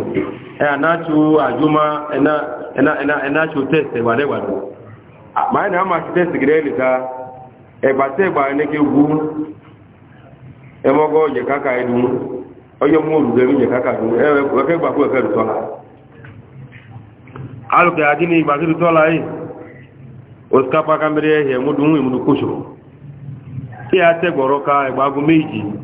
eh na to ajuma ina ina ina ina to test e wale wale ma ina ma test grade ka e ba te ba ne ke gu e mo go je kaka idu e oyo mo ru ge mi je kaka du e we ke gba ku e ke ru tola alu ke adini e. a te goro ka e gba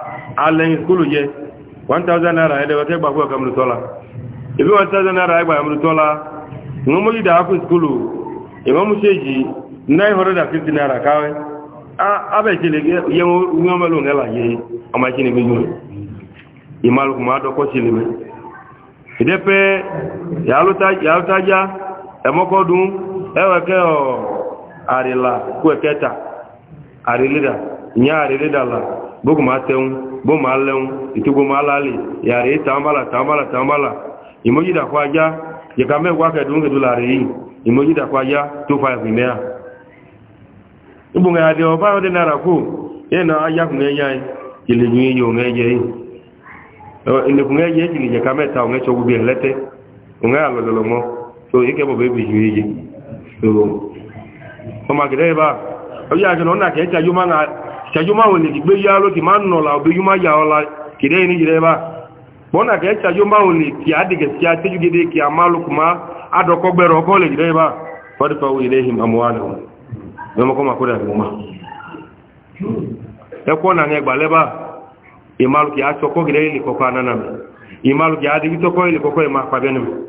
alẹ́yìn skúlù jẹ́ 1000 naira ẹ̀dẹ̀wẹ̀ tẹ́gbà fún ọkà mìrìtọ́lá ibi 1000 naira ẹgbà mìrìtọ́lá wọ́n mọ́ yídà ápù skúlù ìwọ́n mú 950 naira káwẹ́ abẹ́ẹ̀kẹ́lẹ̀ yẹ́ wọ́n mẹ́lò ńlá yẹ́ ọmọ ìṣẹ́ni gbẹ́jú rẹ̀ ìmàlùkù máa dọ́kọ́ sí lè mẹ́ ìdẹ́pẹ́ yàlútájá ẹ̀mọ́kọ́dún ẹwẹ́kẹ́ ọ̀ àrìlà kú bogo ma tewu bo ma lewu itugo ma lali yare tambala tambala tambala imoji da kwaja je kame kwa ka dunge dolari yi imoji da kwaja 25 imea ibunga ade oba ode nara ku ena aya ku ngenya yi kile nyi yo ngeje so ike chajuma wone kigbe yalo ki manno la obe yuma yaola kide ni jireba bona ke chajuma wone ki adige ki atiju gide ki amalu kuma adoko gbero gole jireba fadfa ilayhim amwalahum nomo koma kura kuma eko na ngegba leba imalu ki atoko gide ni koko nana imalu ki adige toko ile koko ma pabenu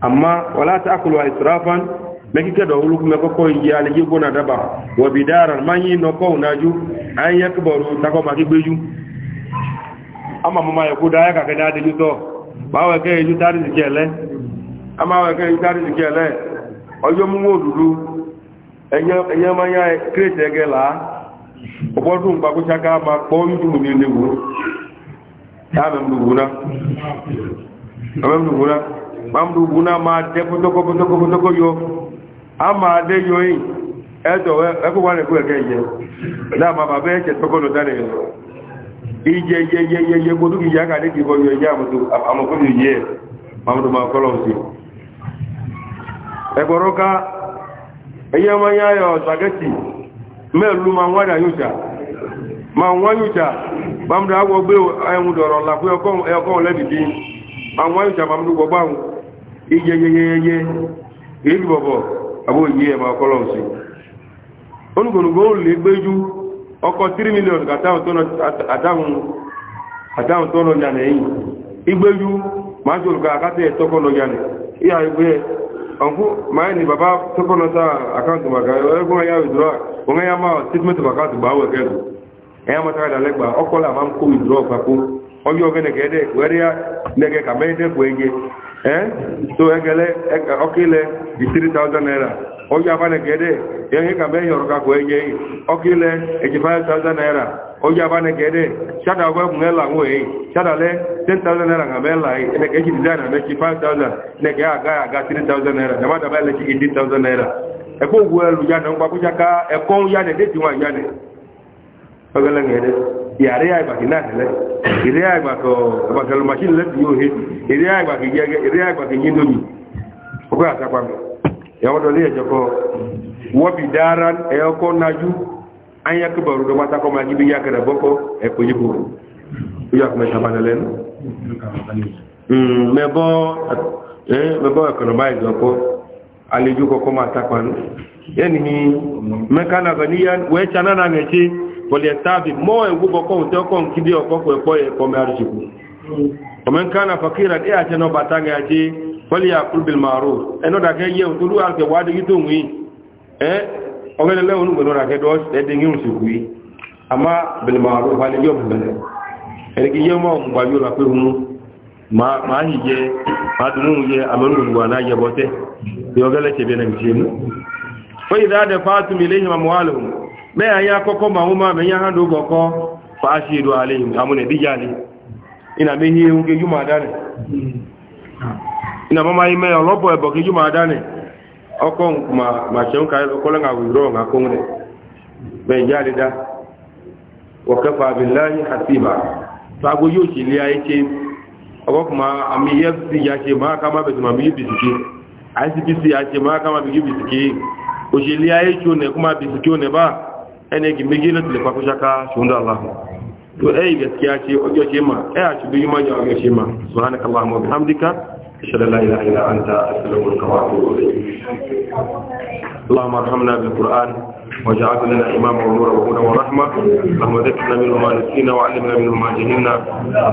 amma wala taakulu israfan mekike do wulu kuma ko yi ale ji bona daba wa bidaran manyi no ko unaju an yakbaru tako maki beju ama mama ya kuda ya kaka da diju to bawe ke ju tari zikele ama we ke ju tari ojo mu ma ya chaka ma po ndu ni lewu ta ma ama adé yoyin ẹ̀tọ̀ ẹkùnwà ẹ̀kẹ́ ìyẹ láàmà bàbá ẹ̀kẹ́ tọ́kọ́lọ̀ dánilẹ̀ ìjẹ yẹyẹyẹ gbogbo ìyá kàdé kìí bọ́ yọ ma wọ́n dà yóòjà ma wọ́n yóòjà mamdu awọ gbé ẹ̀hún dọ̀rọ̀ abóyí ẹ̀mà ọkọ́lọ̀ sí olùgbòlùgbò lè gbéjú ọkọ̀ 3 million àtàwọn tọ́nà yànà ẹ̀yìn igbéjú máa ya lùkà àkátẹ̀ tọ́kọ̀nà yànà ìyà ìgbé ọ̀nkú máa ní bàbá tọ́kọ̀nà sáà àkáǹtì màkà ẹgbọ́n ayá ìdúrà wọ́n yá máa statement of account ọjọ́ oge nẹ̀kẹ́ dẹ̀ ya yá nẹ̀kẹ́ kàmẹ́ dẹ̀ kò ẹ̀yẹ ẹ́ tó ẹgẹlẹ́ ọkílẹ̀ di three thousand naira ọjọ́ abánẹ̀kẹ́ dẹ̀ ẹ̀yẹ kàmẹ́ yọ̀rọ̀ kakò ẹ̀yẹ ọkílẹ̀ naira ọjọ́ abánẹ̀kẹ́ dẹ̀ ṣáda ọgbẹ́ ẹ̀kùn ẹ̀là ń ten naira kàmẹ́ ẹ̀là ẹ̀kẹ́ eighty nine naira eighty na thousand naira dàbádàbá naira ya na ọgọlẹ ngẹdẹ yàrá yà ìgbà kì náà tẹlẹ ìrẹ yà ìgbà kọ ìgbàkẹlẹ machine lẹbi yóò he ìrẹ yà ìgbà kì jẹgẹ ìrẹ yà ìgbà kì yín lómi ọkọ àtàkpà mi ìyàwó dọlẹ ẹjọ kọ wọbi dára ẹyọkọ nájú anya kibaru dọ mata kọ ma jibi yàgẹrẹ bọkọ ẹkọ yìbò ìyá kọmẹ sábàlẹ lẹnu mẹbọ ẹ mẹbọ ẹkọnọmá ìjọ kọ alejò kọkọ ma tàkpà nù yẹni mẹkànnà bẹ kɔlɛ taabi mɔɔ ewu bɔ kɔn tɛ kɔn kidi o kɔ kɔɛ kɔɛ kɔmɛ arisiku kɔmɛ kana fakira e y'a tɛ nɔ bata ŋa tse kɔli y'a kulu bil maaro ɛ n'o da kɛ yɛ olu y'a kɛ waadigi to ŋui ɛ o kɛlɛ lɛ olu gbɛdɔ da kɛ dɔ ɛ dengi ŋu siku ye a ma bil maaro fani yɔ bɛlɛ ɛriki yɛ ma ŋun gbajo la pe ŋu ma ma yi yɛ ma dunu yɛ a ma ŋun gba n'a yɛ bɔ tɛ yɔ kɛlɛ cɛ bɛ me anyị akụkọ ma nwụma ma nye ha na oge ọkọ fa ashi edo dija ali ina me ihe ihu ke juma dani ina mama ime ya ọlọpọ ẹbọ ke juma dani ọkọ ma ma cheun ka ọkọlọ nga wiro nga kongre me ja ali da wa kafa billahi hasiba fa go kama betu ma ICPC ya kama bi bisiki òṣèlú ayé tí ó nẹ̀ kó máa ó nẹ̀ ene gi migile tile kwa kushaka shunda Allah to ai gaskiya ce ojo ce ma ai a ci biyu ma ya ojo ce ma subhanaka allahumma bihamdika ashhadu an la ilaha illa anta astaghfiruka wa atubu ilayk اللهم ارحمنا بالقران واجعل لنا اماما ونورا وهدى ورحمه اللهم ذكرنا منه ما نسينا وعلمنا منه ما جهلنا